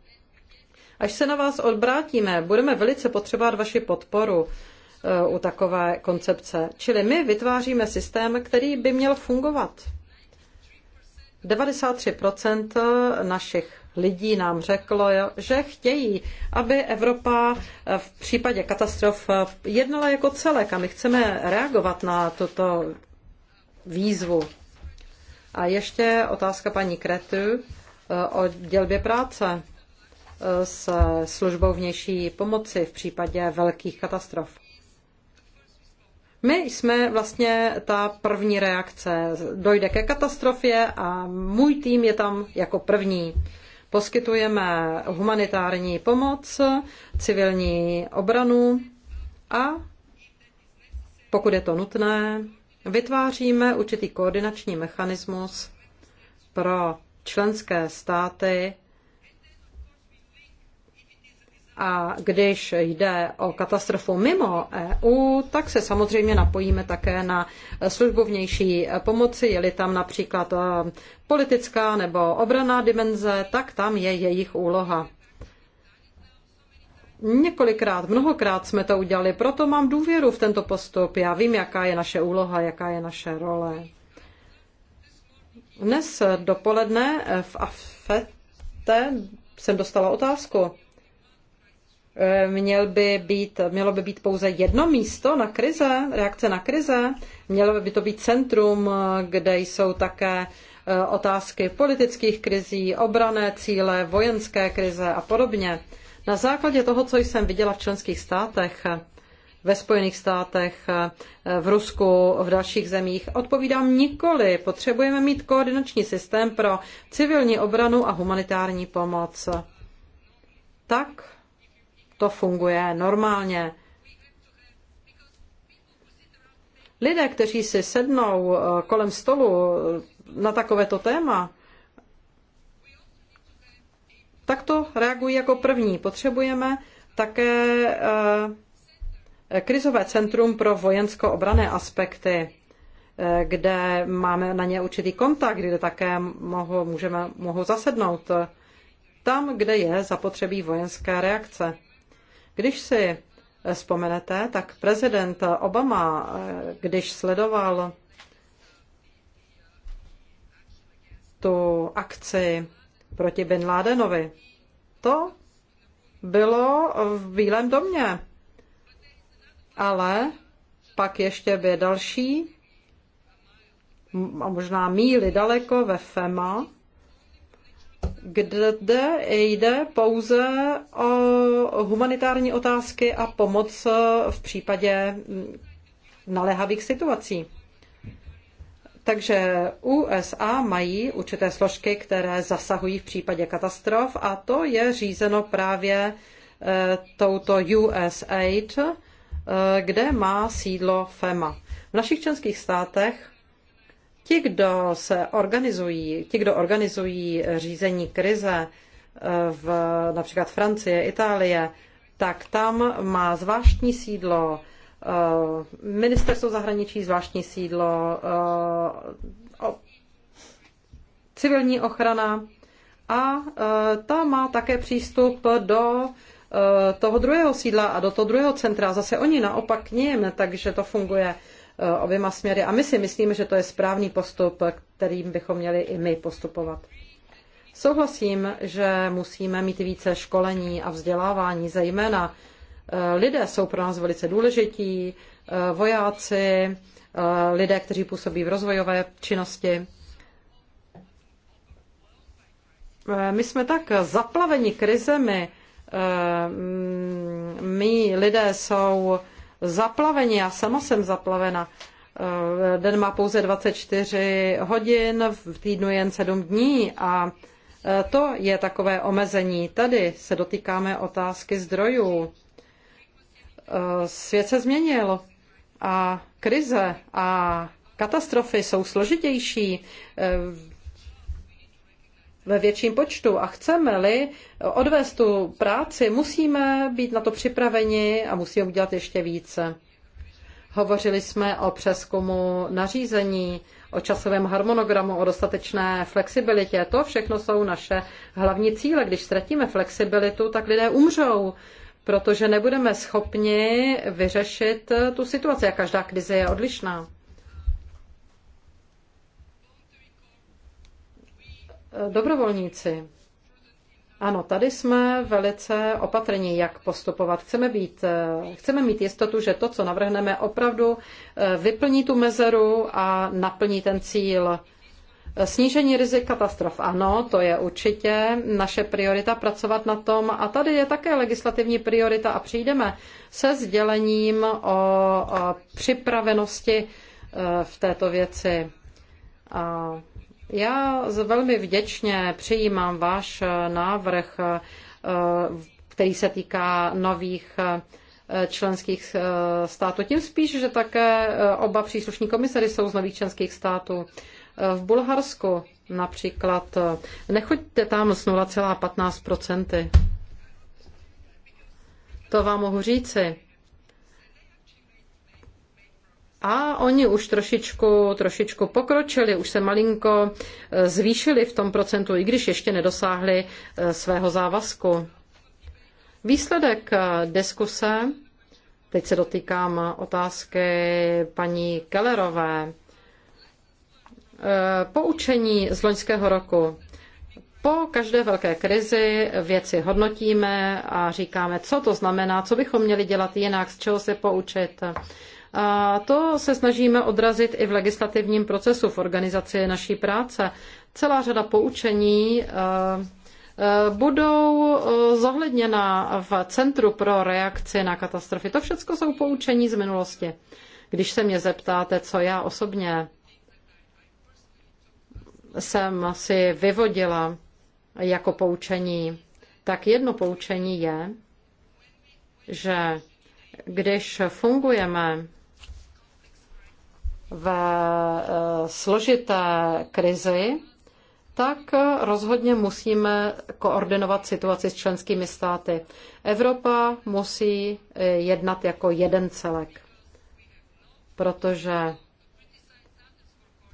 až se na vás odbrátíme, budeme velice potřebovat vaši podporu u takové koncepce. Čili my vytváříme systém, který by měl fungovat. 93% našich lidí nám řeklo, že chtějí, aby Evropa v případě katastrof jednala jako celek a my chceme reagovat na tuto výzvu. A ještě otázka paní Kretu eh, o dělbě práce eh, s službou vnější pomoci v případě velkých katastrof. My jsme vlastně ta první reakce. Dojde ke katastrofě a můj tým je tam jako první. Poskytujeme humanitární pomoc, civilní obranu a pokud je to nutné, vytváříme určitý koordinační mechanismus pro členské státy a když jde o katastrofu mimo EU, tak se samozřejmě napojíme také na službu vnější pomoci, je-li tam například eh, politická nebo obraná dimenze, tak tam je jejich úloha. Několikrát, mnohokrát jsme to udělali, proto mám důvěru v tento postup. Já vím, jaká je naše úloha, jaká je naše role. Dnes dopoledne v AFETE jsem dostala otázku Eh, měl by být, mělo by být pouze jedno místo na krize, reakce na krize, mělo by to být centrum, eh, kde jsou také eh, otázky politických krizí, obrané cíle, vojenské krize a podobně. Na základě toho, co jsem viděla v členských státech, ve Spojených státech, v Rusku, v dalších zemích? Odpovídám nikoli. Potřebujeme mít koordinační systém pro civilní obranu a humanitární pomoc. Tak, to funguje normálně. Lidé, kteří si sednou eh, kolem stolu eh, na takovéto téma, tak to reagují jako první. Potřebujeme také eh, krizové centrum pro vojensko-obrané aspekty, kde máme na ně určitý kontakt, kde také mohou, můžeme, mohou zasednout tam, kde je zapotřebí vojenské reakce. Když si vzpomenete, tak prezident Obama, když sledoval tu akci proti Bin Ladenovi, to bylo v Bílém domě. Ale pak ještě by další a možná míly daleko ve FEMA, kde jde pouze o humanitární otázky a pomoc v případě naléhavých situací. Takže USA mají určité složky, které zasahují v případě katastrof a to je řízeno právě eh, touto USAID, eh, kde má sídlo FEMA. V našich členských státech Ti, kdo se organizují, ti, kdo organizují řízení krize eh, v například Francie, Itálie, tak tam má zvláštní sídlo eh, ministerstvo zahraničí, zvláštní sídlo, eh, civilní ochrana a ta má také přístup do toho druhého sídla a do toho druhého centra. Zase oni naopak k ním, takže to funguje Eh, oběma směry. A my si myslíme, že to je správný postup, kterým bychom měli i my postupovat. Souhlasím, že musíme mít více školení a vzdělávání, zejména eh, lidé jsou pro nás velice důležití, eh, vojáci, lidé, kteří působí v rozvojové činnosti. My jsme tak zaplaveni krizemi, my lidé jsou zaplaveni. Já sama jsem zaplavena. Eh, den má pouze 24 hodin, v týdnu jen 7 dní a eh, to je takové omezení. Tady se dotýkáme otázky zdrojů. Eh, svět se změnil a krize a katastrofy jsou složitější ve větším počtu a chceme-li odvést tu práci, musíme být na to připraveni a musíme udělat ještě více. Hovořili jsme o přeskumu nařízení, o časovém harmonogramu, o dostatečné flexibilitě. To všechno jsou naše hlavní cíle. Když ztratíme flexibilitu, tak lidé umřou, protože nebudeme schopni vyřešit tu situaci a každá krize je odlišná. dobrovolníci. Ano, tady jsme velice opatrní, jak postupovat. Chceme, být, eh, chceme mít jistotu, že to, co navrhneme, opravdu eh, vyplní tu mezeru a naplní ten cíl. Snížení rizik katastrof, ano, to je určitě naše priorita pracovat na tom. A tady je také legislativní priorita a přijdeme se sdělením o připravenosti eh, v této věci. A já velmi vděčně přijímám váš eh, návrh, eh, který se týká nových eh, členských států. Tím spíš, že také oba příslušní komisary jsou z nových členských států. V Bulharsku například nechoďte tam s 0,15%. To vám mohu říci, a oni už trošičku, trošičku pokročili, už se malinko e, zvýšili v tom procentu, i když ještě nedosáhli e, svého závazku. Výsledek e, diskuse, teď se dotýkám otázky paní Kellerové, poučení z loňského roku. Po každé velké krizi věci hodnotíme a říkáme, co to znamená, co bychom měli dělat jinak, z čeho se poučit. A to se snažíme odrazit i v legislativním procesu, v organizaci naší práce. Celá řada poučení eh, eh, budou eh, zohledněna v Centru pro reakci na katastrofy. To všechno jsou poučení z minulosti. Když se mě zeptáte, co já osobně jsem si vyvodila jako poučení, tak jedno poučení je, že když fungujeme ve eh, složité krizi, tak rozhodně musíme koordinovat situaci s členskými státy. Evropa musí eh, jednat jako jeden celek, protože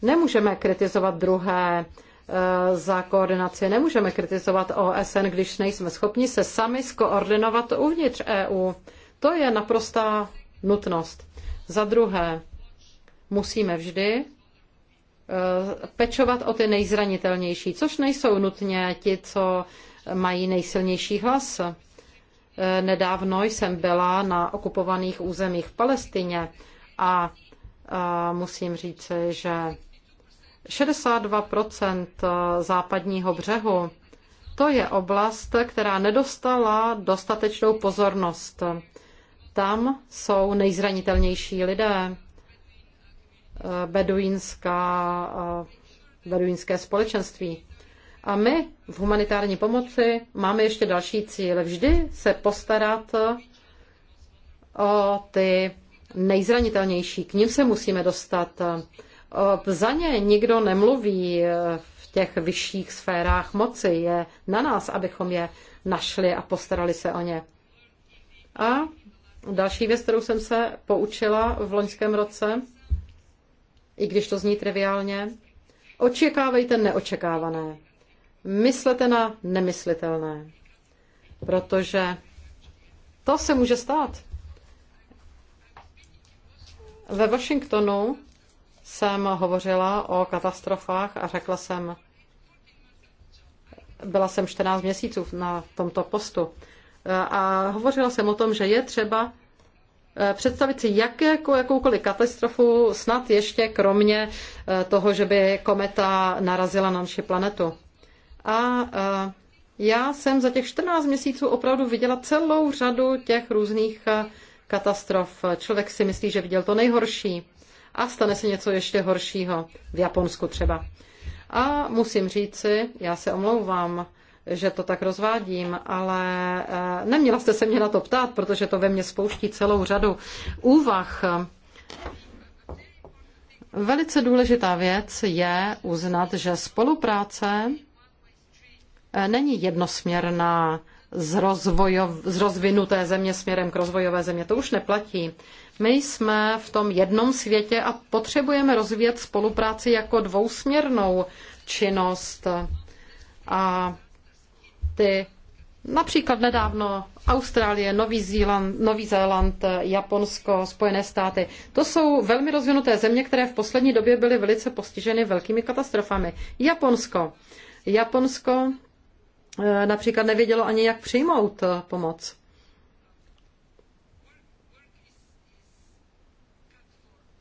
nemůžeme kritizovat druhé eh, za koordinaci. Nemůžeme kritizovat OSN, když nejsme schopni se sami skoordinovat uvnitř EU. To je naprostá nutnost. Za druhé, musíme vždy eh, pečovat o ty nejzranitelnější, což nejsou nutně ti, co mají nejsilnější hlas. Eh, nedávno jsem byla na okupovaných územích v Palestině a musím říci, že 62% eh, západního břehu to je oblast, která nedostala dostatečnou pozornost. Tam jsou nejzranitelnější lidé Eh, beduínská, eh, beduínské společenství. A my v humanitární pomoci máme ještě další cíl. Vždy se postarat eh, o ty nejzranitelnější. K ním se musíme dostat. Za ně nikdo nemluví v těch vyšších sférách moci. Je na nás, abychom je našli a postarali se o ně. A další věc, kterou jsem se poučila v loňském roce, i když to zní triviálně, očekávejte neočekávané. Myslete na nemyslitelné. Protože to se může stát. Ve Washingtonu jsem hovořila o katastrofách a řekla jsem, byla jsem 14 měsíců na tomto postu a hovořila jsem o tom, že je třeba Eh, představit si jakou jakoukoliv katastrofu, snad ještě kromě eh, toho, že by kometa narazila na naši planetu. A eh, já jsem za těch 14 měsíců opravdu viděla celou řadu těch různých katastrof. Člověk si myslí, že viděl to nejhorší a stane se něco ještě horšího, v Japonsku třeba. A musím říci, já se omlouvám, že to tak rozvádím, ale eh, neměla jste se mě na to ptát, protože to ve mně spouští celou řadu úvah. Velice důležitá věc je uznat, že spolupráce eh, není jednosměrná z, rozvojov, z rozvinuté země směrem k rozvojové země. To už neplatí. My jsme v tom jednom světě a potřebujeme rozvíjet spolupráci jako dvousměrnou činnost. A ty například nedávno Austrálie, Nový, Zíland, Nový Zéland, Japonsko, Spojené státy. To jsou velmi rozvinuté země, které v poslední době byly velice postiženy velkými katastrofami. Japonsko. Japonsko eh, například nevědělo ani, jak přijmout eh, pomoc.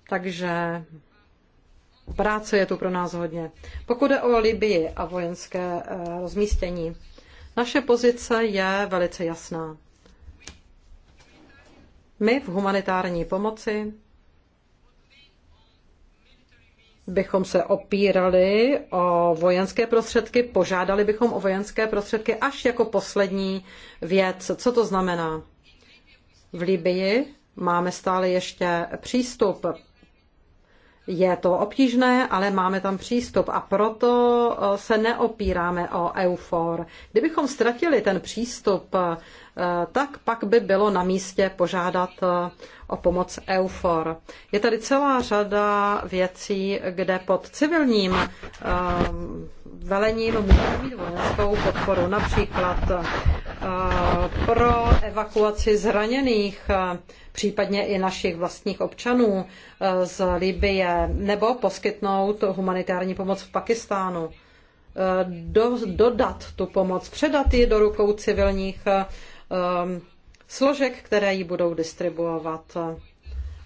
Takže práce je tu pro nás hodně. Pokud jde o Libii a vojenské eh, rozmístění, naše pozice je velice jasná. My v humanitární pomoci bychom se opírali o vojenské prostředky, požádali bychom o vojenské prostředky až jako poslední věc. Co to znamená? V Libii máme stále ještě přístup je to obtížné, ale máme tam přístup a proto eh, se neopíráme o EUFOR. Kdybychom ztratili ten přístup, eh, tak pak by bylo na místě požádat eh, o pomoc EUFOR. Je tady celá řada věcí, kde pod civilním velením můžeme mít vojenskou podporu, například pro evakuaci zraněných případně i našich vlastních občanů eh, z Libie, nebo poskytnout humanitární pomoc v Pakistánu, eh, do, dodat tu pomoc, předat ji do rukou civilních um, složek, které ji budou distribuovat.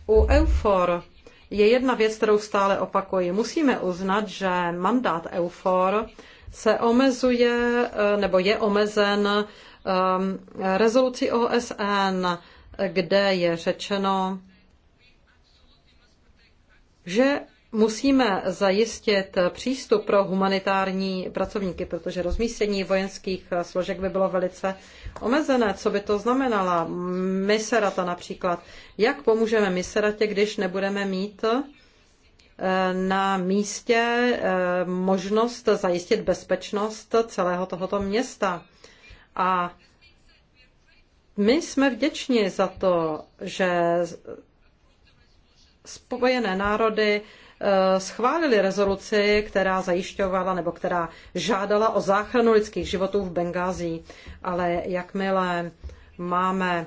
U EUFOR je jedna věc, kterou stále opakuji. Musíme uznat, že mandát EUFOR se omezuje nebo je omezen um, rezolucí OSN kde je řečeno, že musíme zajistit přístup pro humanitární pracovníky, protože rozmístění vojenských složek by bylo velice omezené. Co by to znamenala? Miserata například. Jak pomůžeme miseratě, když nebudeme mít eh, na místě eh, možnost zajistit bezpečnost celého tohoto města? A my jsme vděční za to, že Spojené národy eh, schválili rezoluci, která zajišťovala nebo která žádala o záchranu lidských životů v Bengází. Ale jakmile máme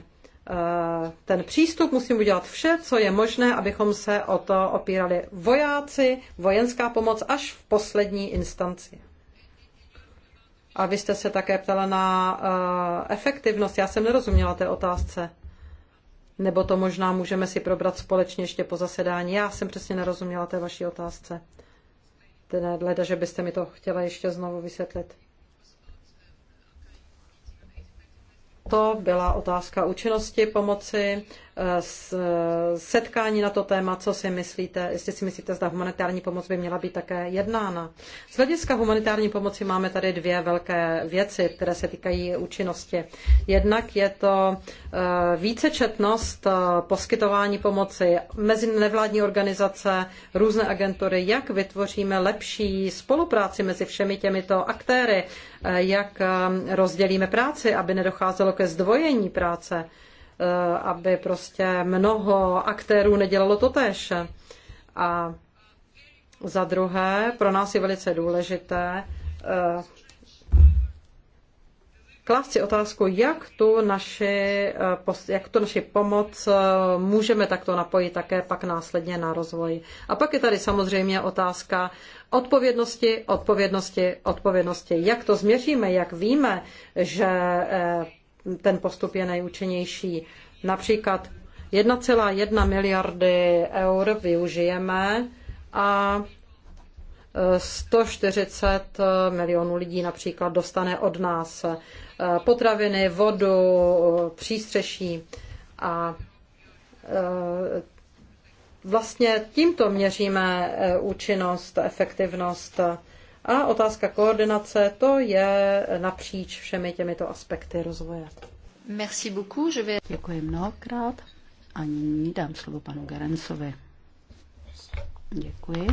eh, ten přístup, musím udělat vše, co je možné, abychom se o to opírali vojáci, vojenská pomoc až v poslední instanci. A vy jste se také ptala na eh, efektivnost. Já jsem nerozuměla té otázce. Nebo to možná můžeme si probrat společně ještě po zasedání. Já jsem přesně nerozuměla té vaší otázce. Teda, leda, že byste mi to chtěla ještě znovu vysvětlit. To byla otázka účinnosti pomoci setkání na to téma, co si myslíte, jestli si myslíte, zda humanitární pomoc by měla být také jednána. Z hlediska humanitární pomoci máme tady dvě velké věci, které se týkají účinnosti. Jednak je to eh, vícečetnost eh, poskytování pomoci mezi nevládní organizace, různé agentury, jak vytvoříme lepší spolupráci mezi všemi těmito aktéry, eh, jak rozdělíme práci, aby nedocházelo ke zdvojení práce Eh, aby prostě mnoho aktérů nedělalo to tež. A za druhé, pro nás je velice důležité eh, klást si otázku, jak tu, naši, eh, jak tu naši pomoc můžeme takto napojit také pak následně na rozvoj. A pak je tady samozřejmě otázka odpovědnosti, odpovědnosti, odpovědnosti. Jak to změříme, jak víme, že ten postup je nejúčinnější. Například 1,1 miliardy eur využijeme a 140 e, milionů lidí například dostane od nás e, potraviny, vodu, přístřeší a e, vlastně tímto měříme účinnost, efektivnost a otázka koordinace, to je napříč všemi těmito aspekty rozvoje. Merci beaucoup, je vais... Děkuji mnohokrát a nyní dám slovo panu Garencovi. Děkuji.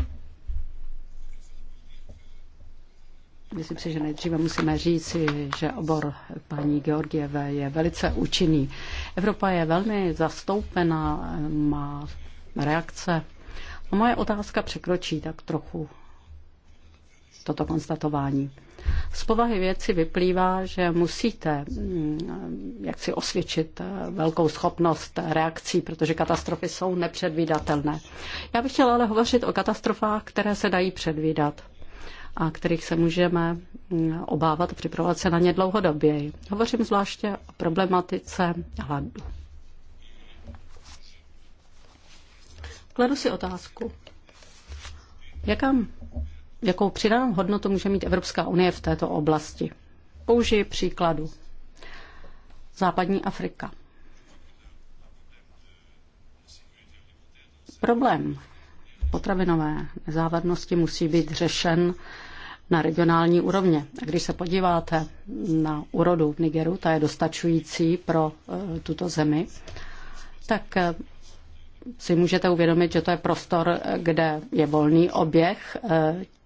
Myslím si, že nejdříve musíme říct, že obor paní Georgieve je velice účinný. Evropa je velmi zastoupená, má reakce. A moje otázka překročí tak trochu toto konstatování. Z povahy věci vyplývá, že musíte mm, jak si osvědčit eh, velkou schopnost reakcí, protože katastrofy jsou nepředvídatelné. Já bych chtěla ale hovořit o katastrofách, které se dají předvídat a kterých se můžeme mm, obávat a připravovat se na ně dlouhodobě. Hovořím zvláště o problematice hladu. Kladu si otázku, jaká jakou přidanou hodnotu může mít Evropská unie v této oblasti. Použiji příkladu. Západní Afrika. Problém potravinové nezávadnosti musí být řešen na regionální úrovně. A když se podíváte na úrodu v Nigeru, ta je dostačující pro e, tuto zemi, tak e, si můžete uvědomit, že to je prostor, e, kde je volný oběh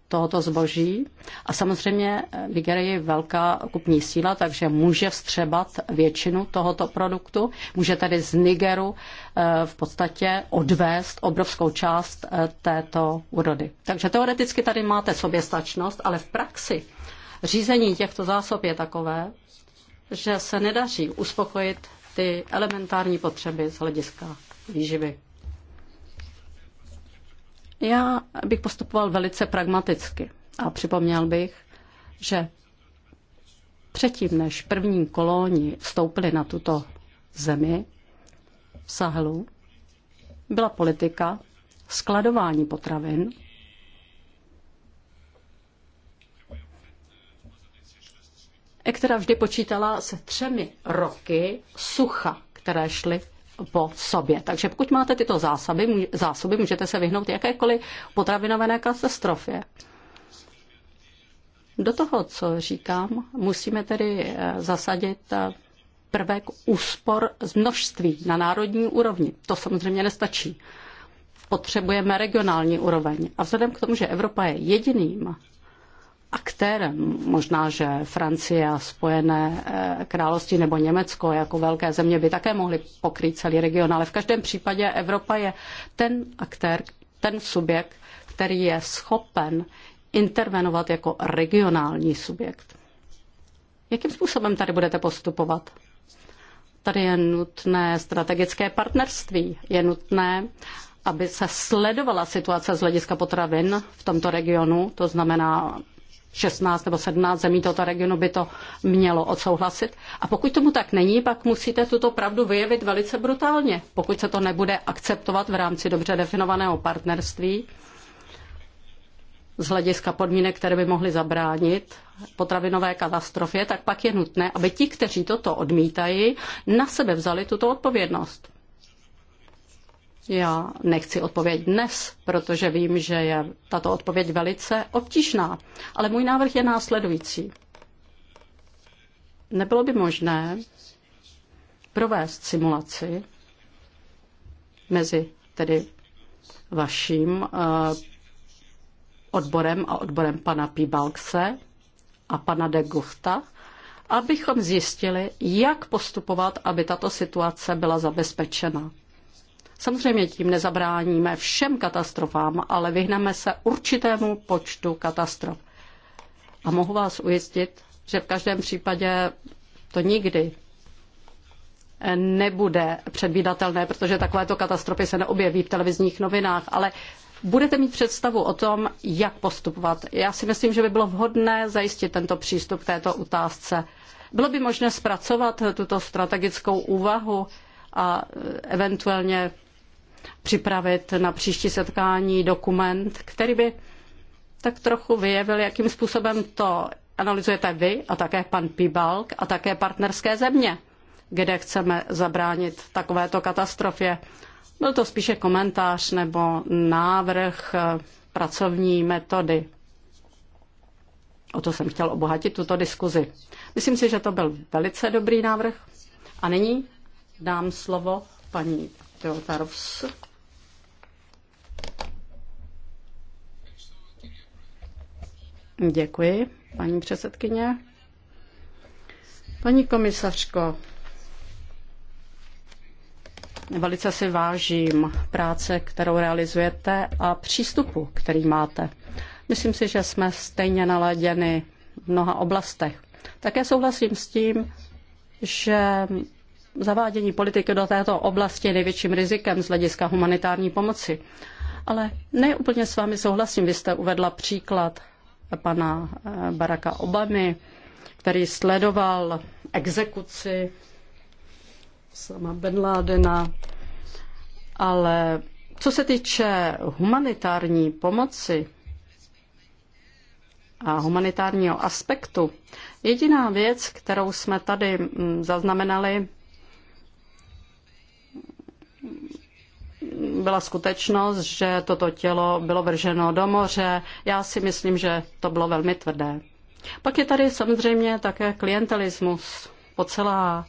tohoto zboží. A samozřejmě eh, Nigerie je velká kupní síla, takže může vstřebat většinu tohoto produktu. Může tedy z Nigeru eh, v podstatě odvést obrovskou část eh, této úrody. Takže teoreticky tady máte soběstačnost, ale v praxi řízení těchto zásob je takové, že se nedaří uspokojit ty elementární potřeby z hlediska výživy. Já bych postupoval velice pragmaticky a připomněl bych, že předtím, než první kolóni vstoupili na tuto zemi v Sahelu, byla politika skladování potravin, která vždy počítala se třemi roky sucha, které šly po sobě. Takže pokud máte tyto zásoby, zásoby můžete se vyhnout jakékoliv potravinové katastrofě. Do toho, co říkám, musíme tedy eh, zasadit eh, prvek úspor z množství na národní úrovni. To samozřejmě nestačí. Potřebujeme regionální úroveň. A vzhledem k tomu, že Evropa je jediným aktérem. Možná, že Francie a Spojené eh, království nebo Německo jako velké země by také mohly pokrýt celý region, ale v každém případě Evropa je ten aktér, ten subjekt, který je schopen intervenovat jako regionální subjekt. Jakým způsobem tady budete postupovat? Tady je nutné strategické partnerství, je nutné aby se sledovala situace z hlediska potravin v tomto regionu, to znamená 16 nebo 17 zemí tohoto regionu by to mělo odsouhlasit. A pokud tomu tak není, pak musíte tuto pravdu vyjevit velice brutálně, pokud se to nebude akceptovat v rámci dobře definovaného partnerství z hlediska podmínek, které by mohly zabránit potravinové katastrofě, tak pak je nutné, aby ti, kteří toto odmítají, na sebe vzali tuto odpovědnost. Já nechci odpověď dnes, protože vím, že je tato odpověď velice obtížná, ale můj návrh je následující. Nebylo by možné provést simulaci mezi tedy vaším eh, odborem a odborem pana Pibalkse a pana de Guchta, abychom zjistili, jak postupovat, aby tato situace byla zabezpečena. Samozřejmě tím nezabráníme všem katastrofám, ale vyhneme se určitému počtu katastrof. A mohu vás ujistit, že v každém případě to nikdy nebude předvídatelné, protože takovéto katastrofy se neobjeví v televizních novinách, ale budete mít představu o tom, jak postupovat. Já si myslím, že by bylo vhodné zajistit tento přístup k této otázce. Bylo by možné zpracovat tuto strategickou úvahu a eventuálně připravit na příští setkání dokument, který by tak trochu vyjevil, jakým způsobem to analyzujete vy a také pan Pibalk a také partnerské země, kde chceme zabránit takovéto katastrofě. Byl to spíše komentář nebo návrh eh, pracovní metody. O to jsem chtěl obohatit tuto diskuzi. Myslím si, že to byl velice dobrý návrh. A nyní dám slovo paní Teotarus. Děkuji, paní předsedkyně. Paní komisařko, velice si vážím práce, kterou realizujete a přístupu, který máte. Myslím si, že jsme stejně naladěni v mnoha oblastech. Také souhlasím s tím, že zavádění politiky do této oblasti je největším rizikem z hlediska humanitární pomoci. Ale neúplně s vámi souhlasím. Vy jste uvedla příklad pana eh, Baracka Obamy, který sledoval exekuci sama Ben Ládena. Ale co se týče humanitární pomoci a humanitárního aspektu, jediná věc, kterou jsme tady mm, zaznamenali, byla skutečnost, že toto tělo bylo vrženo do moře. Já si myslím, že to bylo velmi tvrdé. Pak je tady samozřejmě také klientelismus po, celá,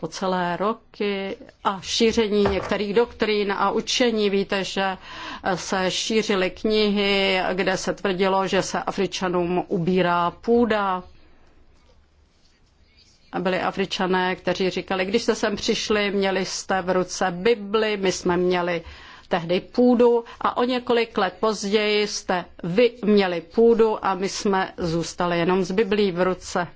po celé roky a šíření některých doktrín a učení. Víte, že se šířily knihy, kde se tvrdilo, že se Afričanům ubírá půda byli Afričané, kteří říkali, když jste sem přišli, měli jste v ruce Bibli, my jsme měli tehdy půdu a o několik let později jste vy měli půdu a my jsme zůstali jenom s Biblí v ruce.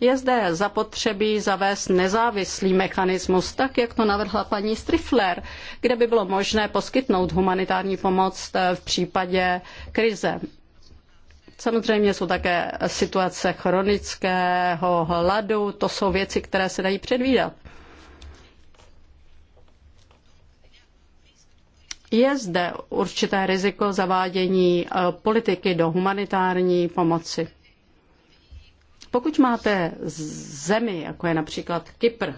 Je zde zapotřebí zavést nezávislý mechanismus, tak jak to navrhla paní Strifler, kde by bylo možné poskytnout humanitární pomoc v případě krize. Samozřejmě jsou také situace chronického hladu, to jsou věci, které se dají předvídat. Je zde určité riziko zavádění eh, politiky do humanitární pomoci. Pokud máte zemi, jako je například Kypr,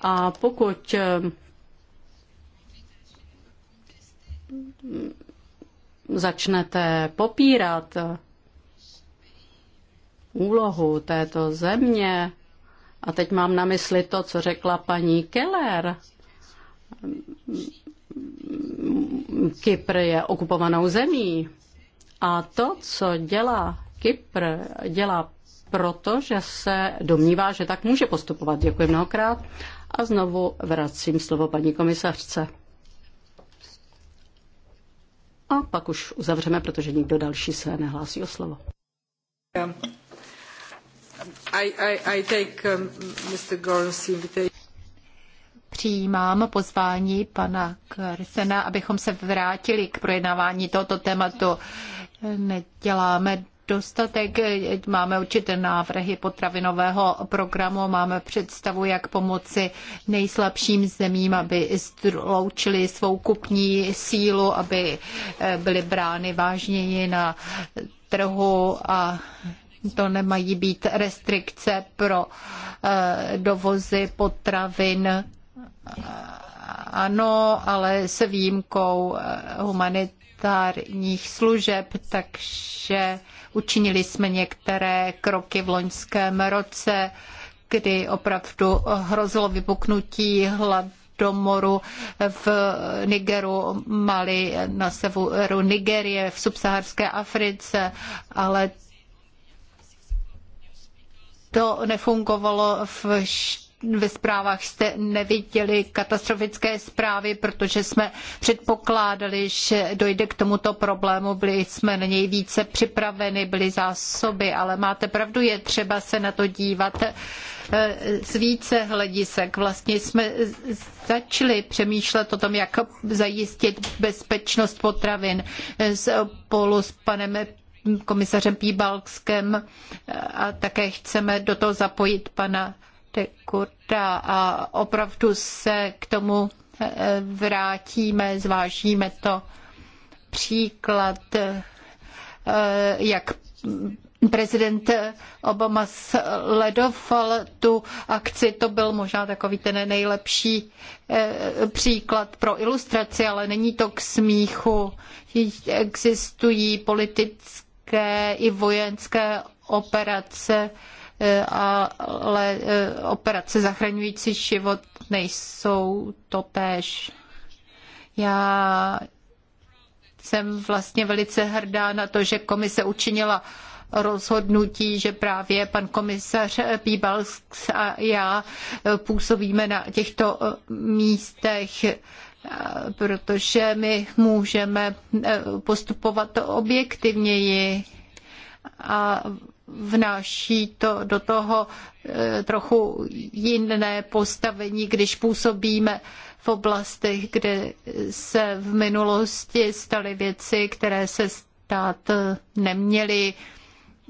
a pokud eh, začnete popírat úlohu této země, a teď mám na mysli to, co řekla paní Keller, Kypr je okupovanou zemí. A to, co dělá Kypr, dělá proto, že se domnívá, že tak může postupovat. Děkuji mnohokrát. A znovu vracím slovo paní komisařce a pak už uzavřeme, protože nikdo další se nehlásí o slovo. Um, Přijímám pozvání pana Karsena, abychom se vrátili k projednávání tohoto tématu. Neděláme dostatek. Máme určité návrhy potravinového programu, máme představu, jak pomoci nejslabším zemím, aby sloučili svou kupní sílu, aby eh, byly brány vážněji na trhu a to nemají být restrikce pro eh, dovozy potravin ano, ale s výjimkou eh, humanit humanitárních služeb, takže učinili jsme některé kroky v loňském roce, kdy opravdu hrozilo vypuknutí hladomoru v Nigeru, Mali, na severu Nigerie, v subsaharské Africe, ale to nefungovalo v št- ve zprávách jste neviděli katastrofické zprávy, protože jsme předpokládali, že dojde k tomuto problému, byli jsme na něj více připraveni, byly zásoby, ale máte pravdu, je třeba se na to dívat eh, z více hledisek. Vlastně jsme začali přemýšlet o tom, jak zajistit bezpečnost potravin eh, spolu s panem komisařem Píbalskem eh, a také chceme do toho zapojit pana de Kurda a opravdu se k tomu eh, vrátíme, zvážíme to. Příklad, eh, jak prezident Obama sledoval tu akci, to byl možná takový ten nejlepší eh, příklad pro ilustraci, ale není to k smíchu. Existují politické i vojenské operace, Eh, ale eh, operace zachraňující život nejsou to též. Já jsem vlastně velice hrdá na to, že komise učinila rozhodnutí, že právě pan komisař Píbalsk a já eh, působíme na těchto místech protože my můžeme postupovat objektivněji a vnáší to do toho eh, trochu jiné postavení, když působíme v oblastech, kde se v minulosti staly věci, které se stát eh, neměly.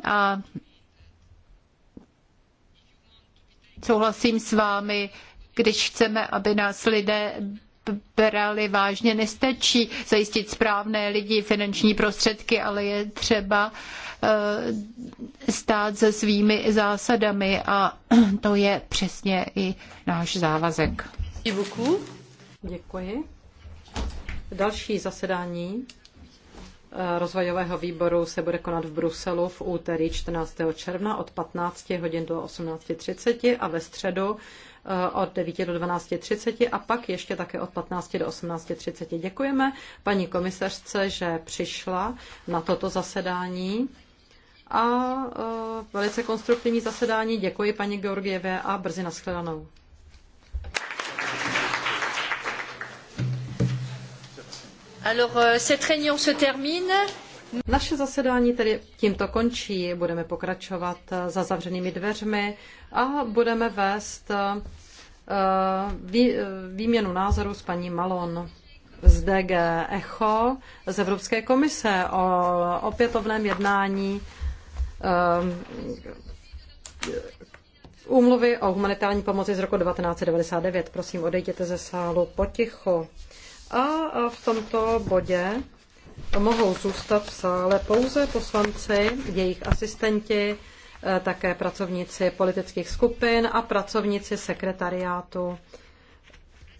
A souhlasím s vámi, když chceme, aby nás lidé brali vážně. Nestačí zajistit správné lidi, finanční prostředky, ale je třeba eh, stát se svými zásadami a to je přesně i náš závazek. Děkuji. Další zasedání eh, rozvojového výboru se bude konat v Bruselu v úterý 14. června od 15 hodin do 18.30 a ve středu Eh, od 9 do 12.30 a pak ještě také od 15 do 18.30. Děkujeme paní komisařce, že přišla na toto zasedání a eh, velice konstruktivní zasedání. Děkuji paní Georgieve a brzy nashledanou. Alors, euh, cette réunion se termine. Naše zasedání tedy tímto končí. Budeme pokračovat eh, za zavřenými dveřmi a budeme vést eh, eh, výměnu názorů s paní Malon z DG Echo z Evropské komise o opětovném jednání úmluvy o humanitární pomoci z roku 1999. Prosím, odejděte ze sálu potichu. A v tomto bodě mohou zůstat v sále pouze poslanci, jejich asistenti, eh, také pracovníci politických skupin a pracovníci sekretariátu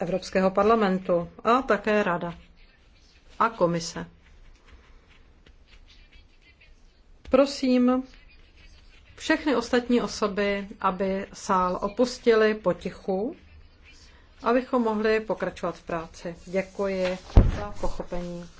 Evropského parlamentu a také rada a komise. Prosím všechny ostatní osoby, aby sál opustili potichu, abychom mohli pokračovat v práci. Děkuji za pochopení.